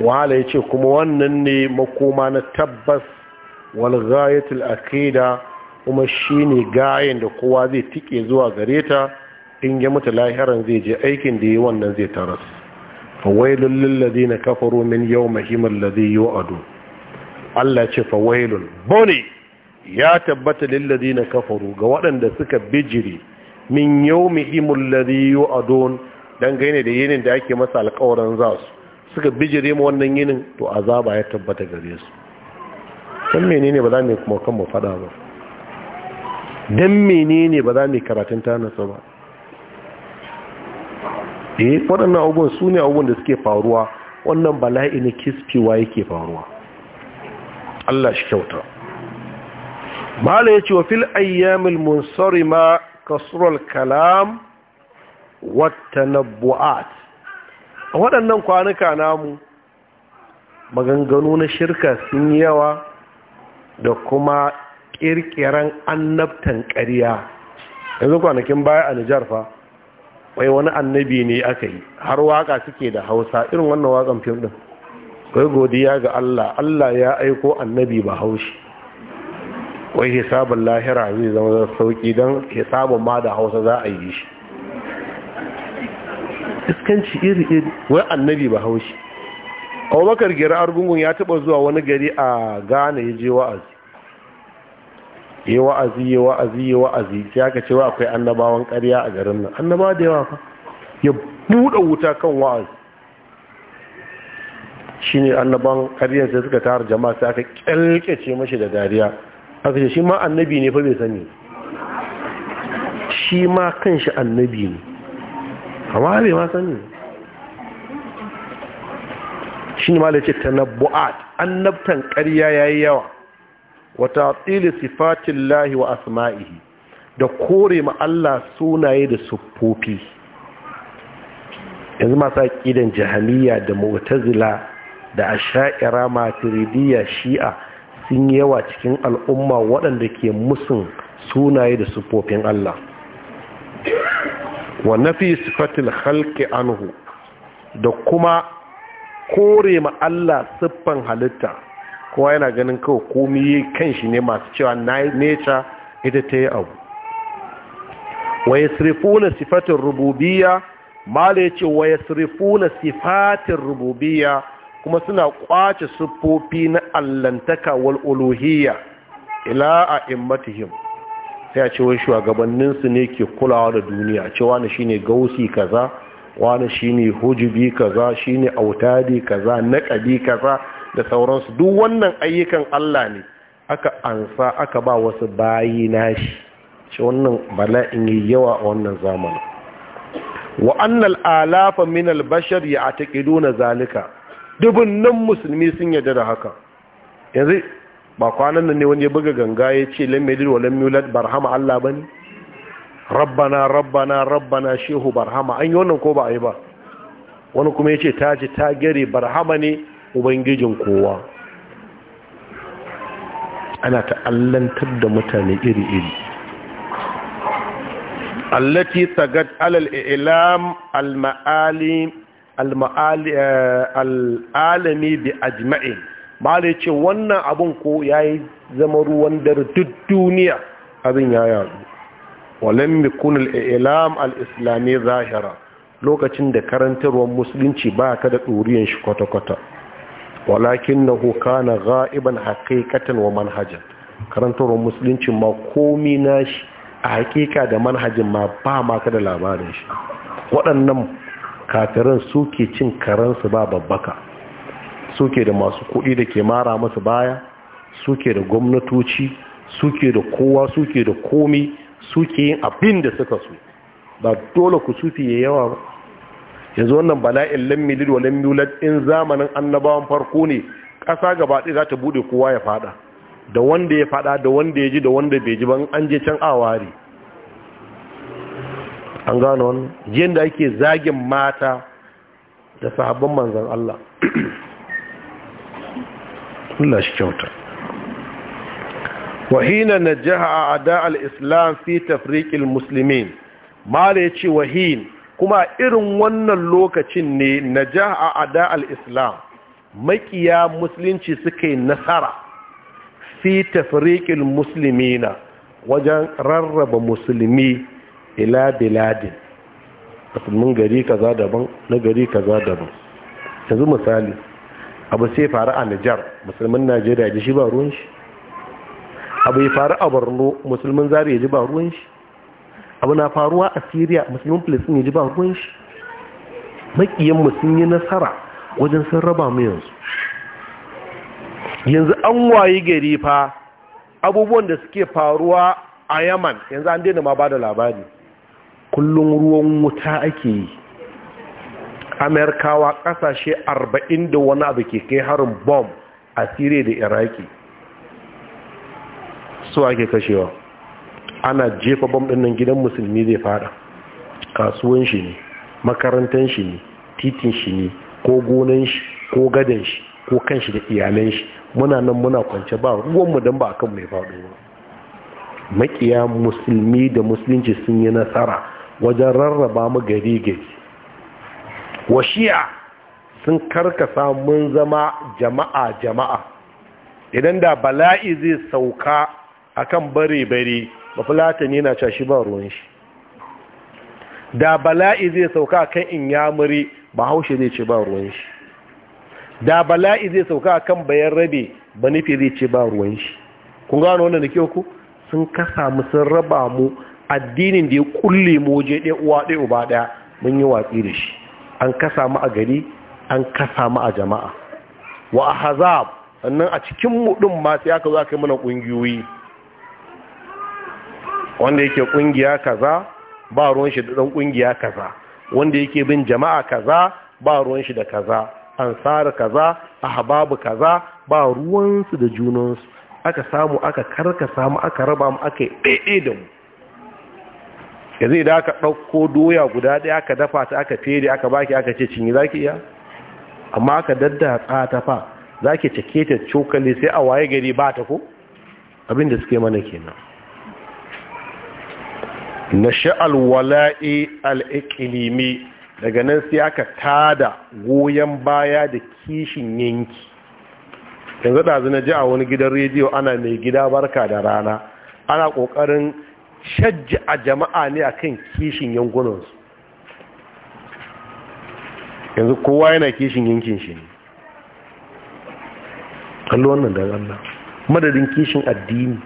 wala yace kuma wannan ne makoma na tabbas wal ghayatul aqida kuma shine gayen da kowa zai tike zuwa gare ta in ya mutu lahiran zai je aikin da yi wannan zai taras lil ladina kafaru min yawmihim alladhi yu'adu Allah ce fawailun bone ya tabbata na kafaru ga waɗanda suka bijiri min yawmihim a don dangane da yinin da ake masa alƙawarin za su suka bijiri ma wannan yinin to azaba ya tabbata gare su mene menene ba za mu kuma kan mu fada ba mene menene ba za mu karatun ta nasu ba eh waɗannan abubuwan su ne abubuwan da suke faruwa wannan bala'i ne kisfiwa yake faruwa Allah shi kyauta Malu ya ce wa fil ayyamil munsarima kasural kalam wata nabu'at a waɗannan kwanuka namu maganganu na shirka sun yi yawa da kuma ƙirƙiran annabtan ƙariya yanzu kwanakin baya a nijar fa wai wani annabi ne aka yi har waka suke da hausa irin wannan wakan fim ɗin kai godiya ga allah allah ya aiko annabi ba haushi wai hisabin lahira zai zama da sauki don hisabin ma da hausa za a yi shi iskanci iri-iri wai annabi ba haushi abubakar gira argungun ya taba zuwa wani gari a ghana ya je wa'azi yi wa'azi yi wa'azi yi wa'azi ya ka cewa akwai annabawan karya a garin nan annaba da yawa fa ya buɗe wuta kan wa'azi ne annaban karyan sai suka tara jama'a sai aka kyalkece mashi da dariya aka shi ma annabi ne fa bai sani shi ma kanshi annabi ne amma bai ma sani shi ne ma da ce tanabbu'at annabtan ƙarya yayi yawa wa ta'til sifatillahi wa asma'ihi da kore ma Allah sunaye da siffofi yanzu masu aƙidan jahamiya da mu'tazila da asha'ira maturidiyya shi'a sun yawa cikin al'umma waɗanda ke musun sunaye da sufofin Allah wa nafi sifatil halki anhu da kuma kore ma Allah siffan halitta kowa yana ganin kawai komi kan shi ne masu cewa nature ita ta yi abu wa ya yasrifuna sifatin rububiya? mala ce wa ya yasrifuna sifatin rububiya? kuma suna kwace siffofi na allantaka wal uluhiyya ila a immatihim sai a cewa shugabanninsu ne ke kulawa da duniya cewa wani shine gausi kaza wani shine hujubi kaza shine autadi kaza naqabi kaza da sauransu duk wannan ayyukan Allah ne aka ansa aka ba wasu bayi nashi shi wannan bala'in yi yawa a wannan zamanin Wa'annan annal alafa min albashar ya atakiduna zalika dubunnan musulmi sun yarda da haka yanzu ba kwanan nan ne wani ya buga ganga ya ce lam wa lam barhama Allah ne rabbana rabbana rabbana shehu barhama an yi wannan ko ba a yi ba wani kuma ya ce ta ji ta gare barhama ne ubangijin kowa ana ta'allantar da mutane iri-iri allati tagad alal ilam al-ma'alim Eh, al'alami bi ajma'i ba da ce wannan abin ko ya yi zama ruwan dare duk duniya abin ya yadu walin mikun al al'islami zahira lokacin da karantarwar musulunci ba ka da ɗoriyan shi kwata-kwata walakin na hoka na ga'iban haƙiƙatan wa manhajar karantarwar musulunci ma komi na a haƙiƙa da manhajin ma ba ma ka da labarin shi waɗannan kafirin suke cin karansu ba babbaka suke da masu kuɗi da ke mara masu baya suke da gwamnatoci suke da kowa suke da komi suke yin abin da suka su, ba dole ku sufi ya yawa ba yanzu wannan bala'in lammilid wa lammilad in zamanin annabawan farko ne ƙasa gaba ɗaya za ta buɗe kowa ya fada da wanda ya fada da wanda ya ji da wanda bai ji ban an je can awari an gano wannan yadda ake zagin mata da sahabban manzan Allah [coughs] Allah shi kyauta wahina na jiha a ada al'islam fi tafrikil musulmin mara ya ce wahin kuma irin wannan lokacin ne na jiha a ada al'islam makiya musulunci suka yi nasara fi musulmi musulmina wajen rarraba musulmi ila biladin mun gari kaza daban na gari kaza daban yanzu misali abu sai faru a Nijar musulmin Najeriya ji shi ba ruwan shi abu ya faru a Borno musulmin zari ya ji ba ruwan shi abu na faruwa a Syria musulmin Palestine ya ji ba ruwan shi makiyan mu sun yi nasara wajen sun raba mu yanzu yanzu an wayi gari fa abubuwan da suke faruwa a Yaman yanzu an daina ma ba da labari kullum ruwan wuta ake yi amerikawa kasashe arba'in da wani abu ke kai harin bom a siriya da iraki su ake kashewa ana jefa bom ɗin gidan musulmi zai fada kasuwan shi ne makarantar shi ne titin shi ne ko gonan shi ko gadon shi ko kan shi da iyalan shi muna nan muna kwance ba ruwanmu don ba akan mai faɗo ba makiya musulmi da musulunci sun yi nasara wajen rarraba mu gari gari wa shi'a sun karkasa mun zama jama'a jama'a idan da bala'i zai sauka akan bare-bare bafulatani na cashi ba ruwan shi da bala'i zai sauka kan inyamuri ba haushe zai ce ba ruwan shi da bala'i zai sauka akan bayan rabe ba nufi zai ce ba ruwan shi kun gano wanda da kyau ku sun kasa mu sun raba mu addinin da ya kulle mu waje ɗaya uwa ɗaya uba ɗaya mun yi watsi da shi an kasa mu a gari an kasa mu a jama'a wa ahzab sannan a cikin mu din ma sai aka zo aka yi mana kungiyoyi wanda yake kungiya kaza ba ruwan shi da dan kungiya kaza wanda yake bin jama'a kaza ba ruwan shi da kaza ansar kaza ahbabu kaza ba ruwan su da junansu aka samu aka karkasa samu aka raba mu aka yi daidai da mu ya zai da aka ɗauko doya guda ɗaya aka dafa ta aka fere aka baki aka ce cinye za ki iya amma aka dadda tsata fa za ki cike ta cokali sai a waye gari ba ta ko abin suke mana kenan na sha'al wala'i al'ikilimi daga nan sai aka tada goyon baya da kishin yanki yanzu ɗazu na ji a wani gidan rediyo ana mai gida barka da rana ana ƙoƙarin shajji a jama'a ne akan kishin yankunansu yanzu kowa yana kishin yankin shi ne kallo wannan da Allah madadin kishin addini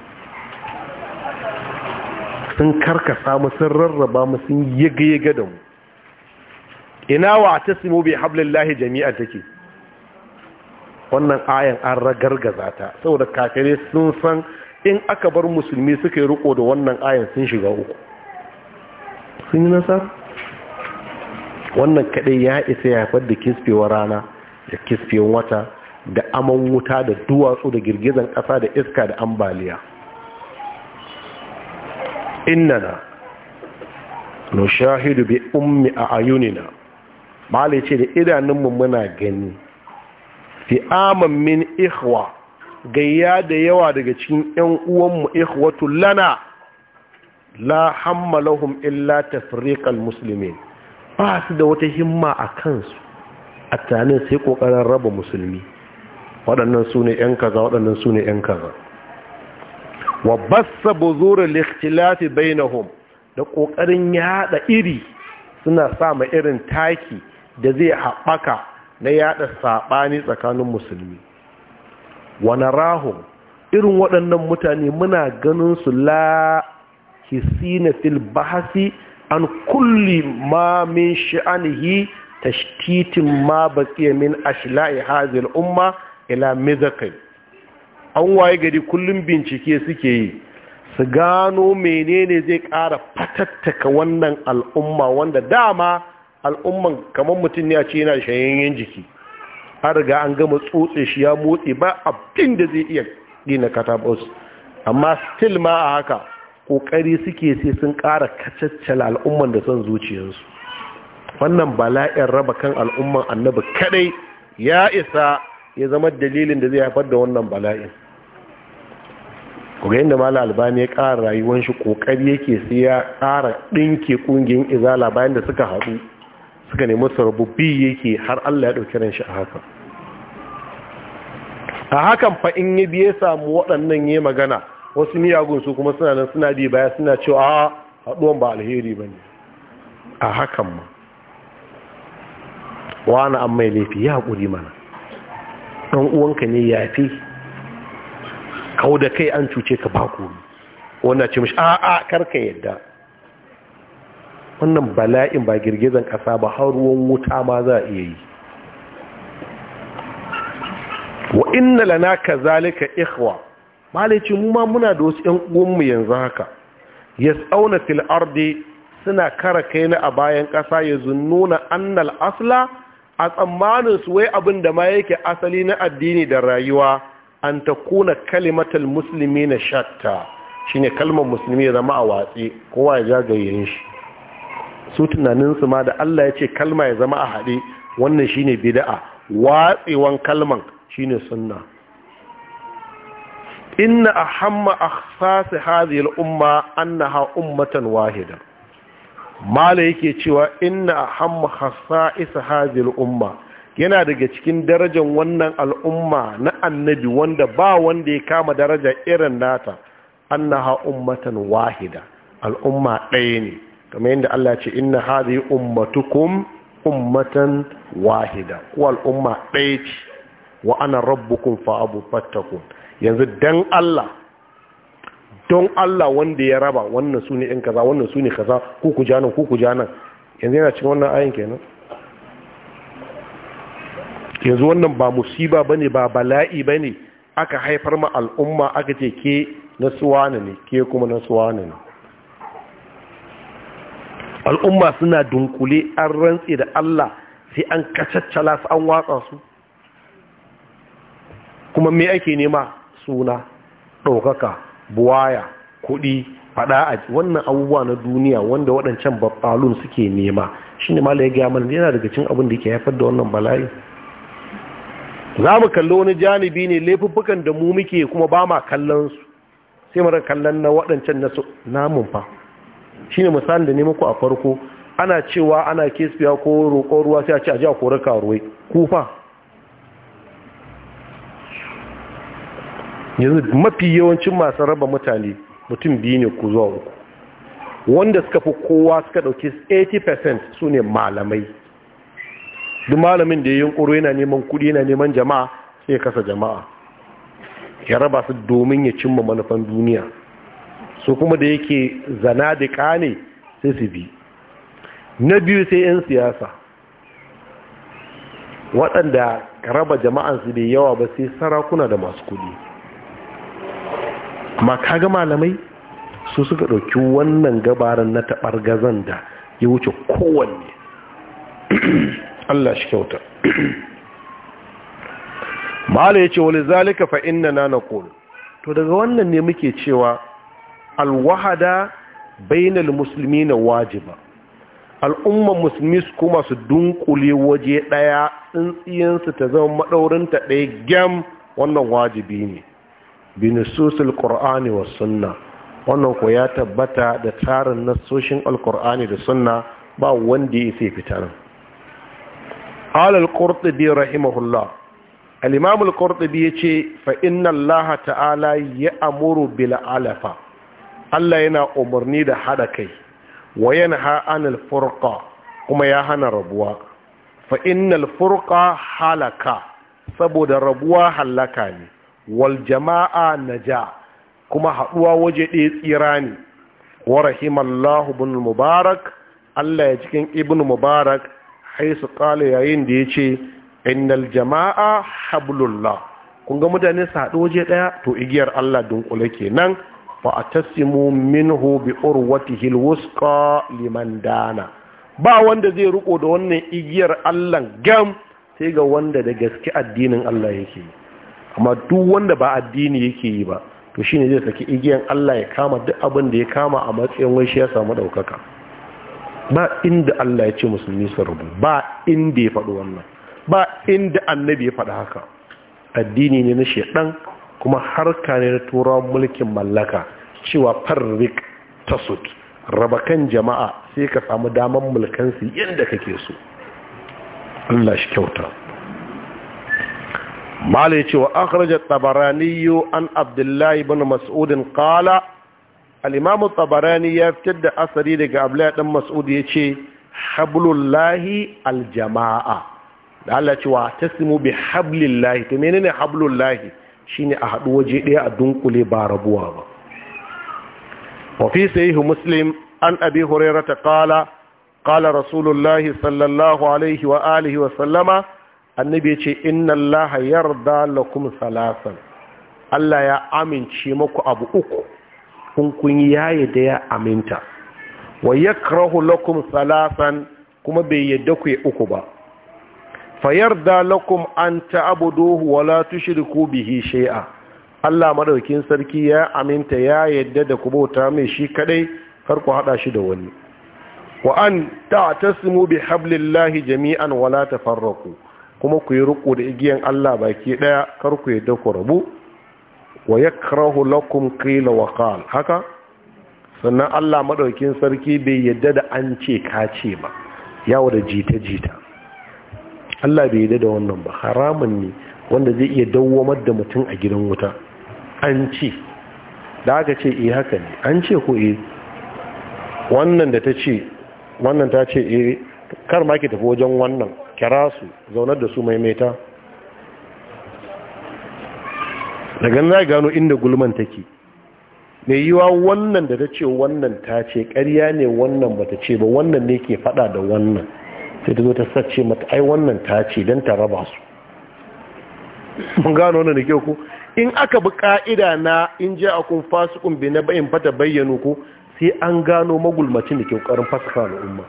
sun karkasa mu sun rarraba mu sun yaga-yaga da mu ina wa ta simo bai hablillahi jami'a take wannan ayan an ragargaza ta saboda kakare sun san in aka bar musulmi suka yi riko da wannan ayan sun shiga uku sun yi nasar? wannan kadai ya isa ya haifar da kisfewa rana da kisfewa wata da aman wuta da duwatsu da girgizan kasa da iska da ambaliya innana nushahidu bi ummi a ayunina malai ce da idanunmu muna gani fi aman min ikhwa gayya da yawa daga cikin ‘yan uwanmu ikhwatu lana la hammalahum illa tafriqal muslimin ba su da wata himma a kansu a tane sai kokarin raba musulmi waɗannan su ne ‘yan kaza waɗannan su ne ‘yan kaza wa bassa buzura likhtilafi bainahum da kokarin yada iri suna sa ma irin taki da zai haɓaka na yada saɓani tsakanin musulmi wani rahun irin waɗannan mutane muna ganin su la hisina fil bahasi an kulli ma min sha'anihi tashtitin ma baqiya min ashla'i hazil umma ila mizakai an waye gari kullum bincike suke yi su gano menene zai ƙara fatattaka wannan al'umma wanda dama al'umman kamar mutum ya ce yana shayayyen jiki an riga an gama tsotse shi ya motsi ba abin da zai iya gina katabos amma still ma a haka kokari suke sai sun kara kacaccala al'umman da son zuciyarsu wannan bala'in raba kan al'umman annabi kadai ya isa ya zama dalilin da zai haifar da wannan bala'in kuga da mala albani ya kara rayuwan shi kokari yake sai ya ƙara ɗinke ƙungiyar izala bayan da suka haɗu suka nemi sarbubi yake har Allah ya ɗauki ran shi a haka a hakan fa in ya biye samu waɗannan ya magana wasu miyagun su kuma suna nan suna bi baya suna cewa a haɗuwan ba alheri ba ne a hakan ma wani an mai laifi ya haƙuri mana ɗan uwanka ne ya fi kau da kai an cuce ka ba komi wanda ce mashi a a karka yadda wannan bala'in ba girgizan kasa ba har ruwan wuta ma za a iya yi wa inna lana kazalika ikhwa malici mu ma muna da wasu ƴan uwanmu yanzu haka yas'auna fil ardi suna kara kai na a bayan ƙasa ya zunnuna annal asla a tsammanin su wai abin da ma yake asali na addini da rayuwa an ta kuna kalimatal musulmi na shatta shine kalmar musulmi ya zama a watsi kowa ya jagayen shi su tunaninsu ma da Allah ya ce kalma ya zama a haɗe wannan ne bida'a. watsewan kalman shi ne sunna inna ahamma akhsas hadhihi al-umma annaha ummatan wahida mala yake cewa inna hamma khasa'is hadhihi al-umma yana daga cikin darajar wannan al'umma na annabi wanda ba wanda ya kama daraja irin nata annaha ummatan wahida al'umma ɗaya ne kamar yadda Allah ce inna hadhi ummatukum ummatan wahida ko al'umma ɗaya ce wa ana rabbukum abu fattakun yanzu dan Allah don Allah wanda ya raba wannan sune in kaza wannan sune kaza ku ku jana ku ku jana yanzu yana cikin wannan ayin kenan yanzu wannan ba musiba bane ba bala'i bane aka haifar ma al'umma aka ce ke na ne ke kuma na ne al'umma suna dunkule an rantse da Allah sai an kacaccala su an watsa su kuma me ake nema suna ɗaukaka buwaya kuɗi faɗa a wannan abubuwa na duniya wanda waɗancan babbalun suke nema shi ne mala ya gaya mana yana daga cin abin da ke haifar da wannan bala'i za mu kalli wani janibi ne laifuffukan da mu muke kuma ba ma kallon su sai mara kallon na waɗancan namun fa Shi shine misalin da ne a farko ana cewa ana kesfiya ko roƙon ruwa sai a ce a ji a kori karuwai kufa yanzu mafi yawancin masu raba mutane mutum biyu ne ku zuwa uku wanda suka fi kowa suka ɗauki 80% su ne malamai duk malamin da ya yunkuru yana neman kudi yana neman jama'a sai ya kasa jama'a ya raba su domin ya cimma manufan duniya su kuma da yake zana da kane sai su bi na biyu sai 'yan siyasa waɗanda raba su bai yawa ba sai sarakuna da masu kudi amma kaga malamai su suka ɗauki wannan gabarin na taɓar gazan da ya wuce kowanne [clears throat] Allah shi kyauta [clears throat] ma'ala ya ce wani zalika fa'in na na to daga wannan ne muke cewa alwahada bainal musulmi na wajiba al'umman musulmi su kuma su dunkule waje ɗaya tsintsiyansu ta zama maɗaurinta ɗaya gyam wannan wajibi ne binususul qur'ani wa sunna wannan ku ya tabbata da tarin nasoshin alqur'ani da sunna ba wanda ya fi fita nan alal qurtubi rahimahullah al-imam ya ce yace fa inna allah ta'ala ya'muru bil alafa Allah yana umarni da haɗa kai wa yanha anil furqa kuma ya hana rabuwa fa innal halaka saboda rabuwa halaka ne wal jama'a naja kuma haɗuwa waje ɗaya tsira ne wa rahimallahu ibn mubarak Allah ya cikin ibn mubarak haisu ƙala yayin da yace innal jama'a hablullah kun ga mutane su haɗu waje ɗaya to igiyar Allah dunkule kenan fa'atasimu minhu bi urwatihi alwusqa liman dana ba wanda zai riko da wannan igiyar Allah gam sai ga wanda da gaske addinin Allah yake amma duk wanda ba addini yake yi ba to shi ne zai saki igiyar Allah ya kama duk abin da ya kama a matsayin wani shi ya samu daukaka ba inda Allah ya ce musulmi su rubu ba inda ya faɗi wannan ba inda annabi ya faɗi haka addini ne na shedan kuma harka ne na turawan mulkin mallaka cewa farrik tasud raba kan jama'a sai ka samu daman mulkansu yadda kake so Allah shi kyauta mali cewa ce wa tabaraniyu an abdullahi bin mas'udin Kala, al'imamu tabarani ya fitar da asari daga abdullahi dan mas'udi ya ce hablullahi aljama'a jamaa da Allah cewa simu bi hablillahi to menene hablullahi shine a haɗu waje ɗaya a dunkule ba rabuwa ba wafi yi muslim an abi hurairah ta kala qala rasulullah sallallahu alaihi wa alihi wa sallama annabi ce, inna allaha yarda lakum salasan Allah ya amince maku abu uku kun kun yaye da ya aminta wa yakrahu lakum salasan kuma bai yadda ku uku ba fayarda lakum an ta'buduhu wa la tushriku bihi shai'a, Allah maɗaukin sarki ya aminta ya yadda da ku bauta mai shi kadai kar ku hada shi da wani wa an ta'tasimu bi jami'an wa la tafarraqu kuma ku yi ruku da igiyan Allah baki ɗaya kar ku yadda ku rabu wa yakrahu lakum qila wa qal haka sannan Allah maɗaukin sarki bai yadda da an ce ka ce ba yawo da jita jita Allah bai yarda da wannan ba haramun ne wanda zai iya dawwamar da mutum a gidan wuta an ce da aka ce eh haka ne an ce ko eh wannan da ta ce wannan ta ce eh kar ma ki tafi wajen wannan kira su zaunar da su maimaita daga na gano inda gulman take mai yiwa wannan da ta ce wannan ta ce ƙarya ne wannan ba ta ce ba wannan ne ke fada da wannan sai ta zo ta sace mata ai wannan ta ce don ta raba su mun gano wannan da kyau ku in aka bi ka'ida na in ji a kun fasikun kumbi na bayan fata bayyano ku sai an gano magulmacin da kyau karin na umma,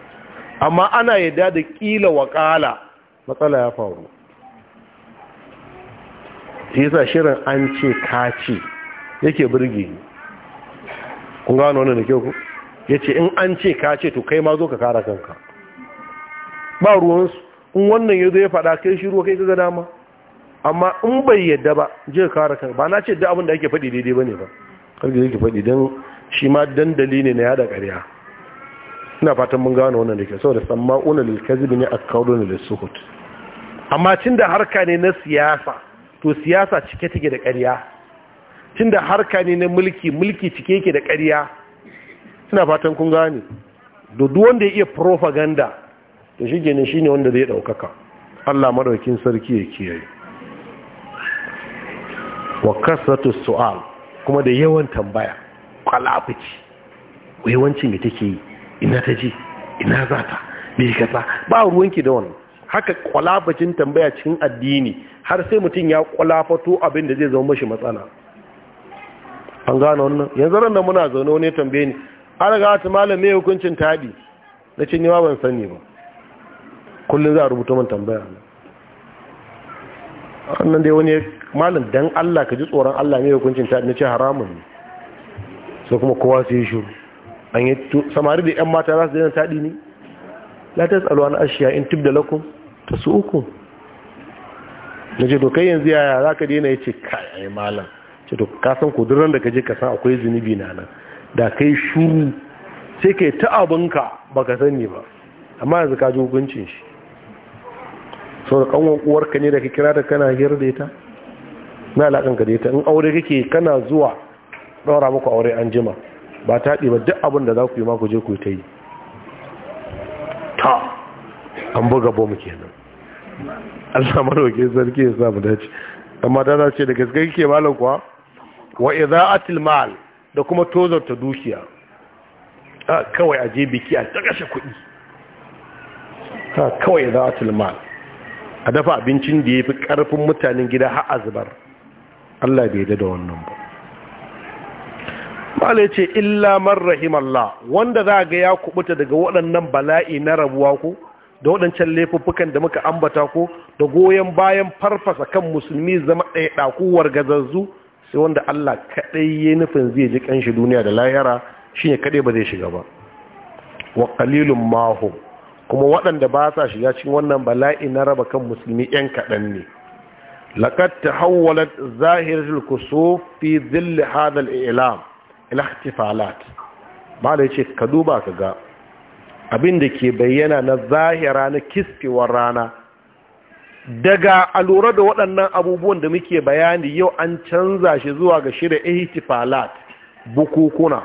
amma ana yadda da kila wakala matsala ya faru sai yasa shirin an ce ka ce yake birge ni kun gano wannan da kyau ku ce in an ce ka ce to kai ma zo ka kara kanka ba ruwansu in wannan ya zo ya fada kai shi ruwa kai ga dama amma in bai yadda ba je kare kan ba na ce da abin da ake faɗi daidai ba ne ba karfi yake faɗi don shi ma dandali ne na yada ƙarya ina fatan mun gano wannan da ke saboda sama'una lil kazibi ne akkawduna lil suhut amma tunda harka ne na siyasa to siyasa cike take da ƙarya tunda harka ne na mulki mulki cike yake da ƙarya ina fatan kun gane duk wanda ya iya propaganda da shi gane shi ne wanda zai ɗaukaka allah maɗaukin sarki ya kiyaye wa kasatu su'al kuma da yawan tambaya kwalafici yawancin da take yi ina ta ji ina za ta me kasa ba ruwanki da wannan haka kwalafacin tambaya cikin addini har sai mutum ya kwalafato abin da zai zama mashi matsala an gano wannan yanzu ran da muna zaune wani tambaye ni an ga ta malam me hukuncin taɗi na cin yawa ban sani ba kullum za a rubuta man tambaya wannan dai wani malam dan Allah ka ji tsoron Allah ne hukuncin ta ce haramun ne sai kuma kowa su yi shuru an yi samari da yan mata za su daina taɗi ne la ta tsalo na ashiya in tib da lakum ta su uku na ce dokai yanzu yaya za ka daina ya ce kai malam ce to ka san ko da ka je ka san akwai zunubi na nan da kai shuru sai kai ta abinka ka sani ba amma yanzu ka ji hukuncin shi so da kanwan uwarka ne da ka kira ta kana hiyar da ita na ka da ita in aure kake kana zuwa ɗaura muku aure an jima ba ta ɗi ba duk abin da za ku yi ma ku je ku ta yi ta an buga bomu kenan Allah madauke sarki ya samu dace amma ta za ce da gaske ke malam kuwa wa atil mal da kuma tozarta dukiya kawai a je biki a ta kashe kuɗi kawai a mal a dafa abincin da ya fi ƙarfin mutanen gida har a zubar Allah bai da wannan ba Malai ce illa man rahimallah wanda za ga ya kubuta daga waɗannan bala'i na rabuwa ko da waɗancan laifuffukan da muka ambata ko da goyon bayan farfasa kan musulmi zama ɗaya ɗakuwar gazazzu sai wanda Allah kaɗai ya nufin zai ji ƙanshi duniya da lahira shi ne kaɗai ba zai shiga ba wa ƙalilun mahu kuma waɗanda ba sa shiga cikin wannan bala'i na raba kan musulmi 'yan kaɗan ne laqad tahawwalat zahiratul kusuf fi dhill hadal ilam ila ihtifalat malai ce ka duba ka ga abin da ke bayyana na zahira na kiskewar rana daga alura da waɗannan abubuwan da muke bayani yau an canza shi zuwa ga shirya ihtifalat bukukuna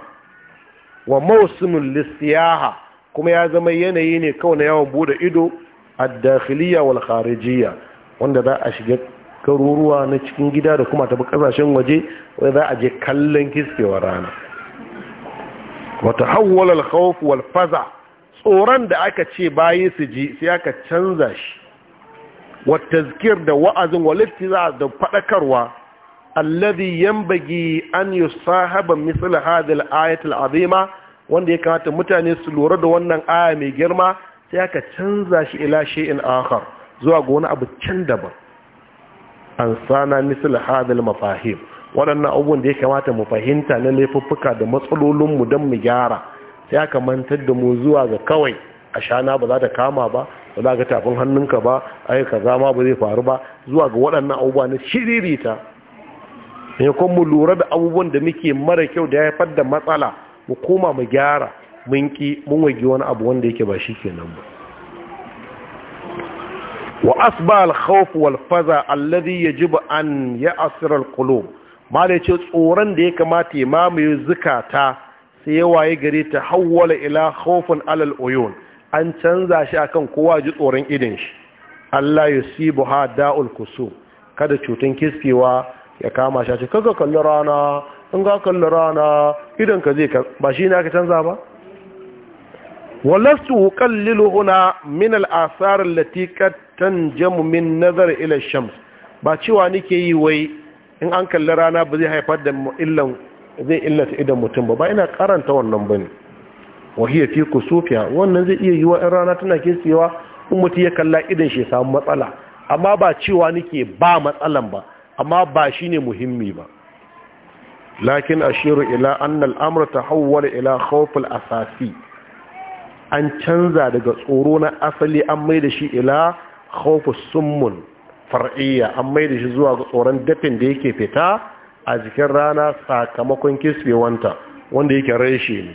wa mausimin lissiyaha kuma ya zama yanayi ne kawai na yawon bude ido a dakhiliya wal kharijiyya wanda za a shiga garuruwa na cikin gida da kuma tafi kasashen waje wanda za a je kallon kiskewar rana wata hawwal al-khawf wal faza tsoron da aka ce bayi su ji sai aka canza shi wa tazkir da wa'azin wal ittiza da fadakarwa alladhi yanbaghi an yusahaba misl hadhihi al-ayat azima wanda ya kamata mutane su lura da wannan aya mai girma sai aka canza shi ila shay'in akhar zuwa ga wani abu can daban an sana misal hadal mafahim waɗannan abubuwan da ya kamata mu fahimta na laifuffuka da matsalolin mu don mu gyara sai aka mantar da mu zuwa ga kawai a shana ba za ta kama ba ba za ka tafin hannunka ba ai kaza ma ba zai faru ba zuwa ga waɗannan abubuwa na shiririta ne kuma mu lura da abubuwan da muke mara kyau da ya haifar da matsala mu koma mu gyara mun ki mun wage wani abu wanda yake ba shi kenan ba wa asba al-khawf wal faza alladhi yajib an ya'sir al-qulub malai ce tsoron da ya kamata ya mamaye zukata sai ya waye gare ta hawwala ila khawfin alal uyun an canza shi akan kowa ji tsoron idin shi Allah yusibu ha da'ul kusum kada cutan kiskewa ya kama shi kaga kalli rana in ga kalli rana idan ka zai ba shi ne aka canza ba walastu kallilu huna min al'asar athar allati qad min nazar ila shams ba cewa nike yi wai in an kalli rana ba zai haifar da illan zai illata idan mutum ba ba ina karanta wannan ba bane wahiyya fi sufiya wannan zai iya yi wa in rana tana kesewa in mutum ya kalla idan shi samu matsala amma ba cewa nake ba matsalan ba amma ba shi ne muhimmi ba lakin ashiru ila annal amr tahawwala ila khawf asasi an canza daga tsoro na asali an mai shi ila khawf summun far'iyya an mai shi zuwa ga tsoron dafin da yake fita a jikin rana sakamakon kisbewanta wanda yake reshe ne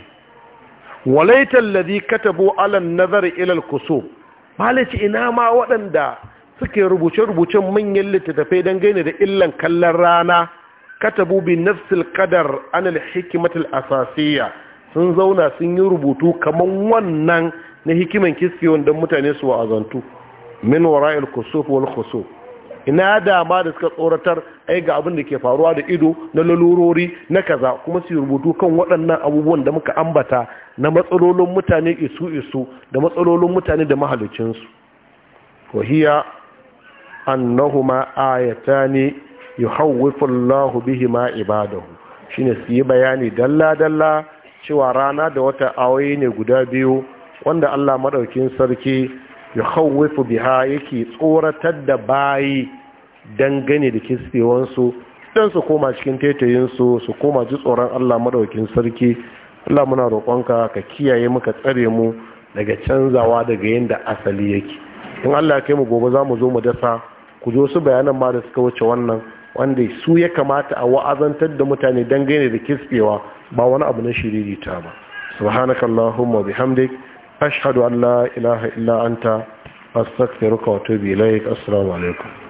walaita alladhi katabu ala nazar ila al-kusub malaci ina ma waɗanda suke rubuce-rubucen manyan littattafai dangane da illan kallon rana katabu bi nafsil qadar an al al asasiyya sun zauna sun yi rubutu kaman wannan na hikiman kiski wanda mutane su wa'azantu min wara'il kusuf wal khusuf ina dama da suka tsoratar ai ga abin da ke faruwa da ido na lalurori na kaza kuma su rubutu kan waɗannan abubuwan da muka ambata na matsalolin mutane isu isu da matsalolin mutane da mahalicinsu wahiya annahuma ayatani yuhawwifu Allahu bihi ma ibadahu shine su yi bayani dalla dalla cewa rana da wata awayi ne guda biyu wanda Allah madaukin sarki yuhawwifu biha yake tsoratar da bayi dangane da su dan su koma cikin taitayinsu su koma ji tsoron Allah madaukin sarki Allah muna roƙonka ka kiyaye muka tsare mu daga canzawa daga yadda asali yake in Allah ya kai mu gobe za mu zo mu dasa ku zo su bayanan ma da suka wuce wannan wanda su ya kamata a wa'azantar da mutane dangane da kisbewa ba wani abu na shiririta ba subhanakallahumma bihamdik ashhadu an la ilaha illa anta astaghfiruka wa atubu ilaik assalamu alaikum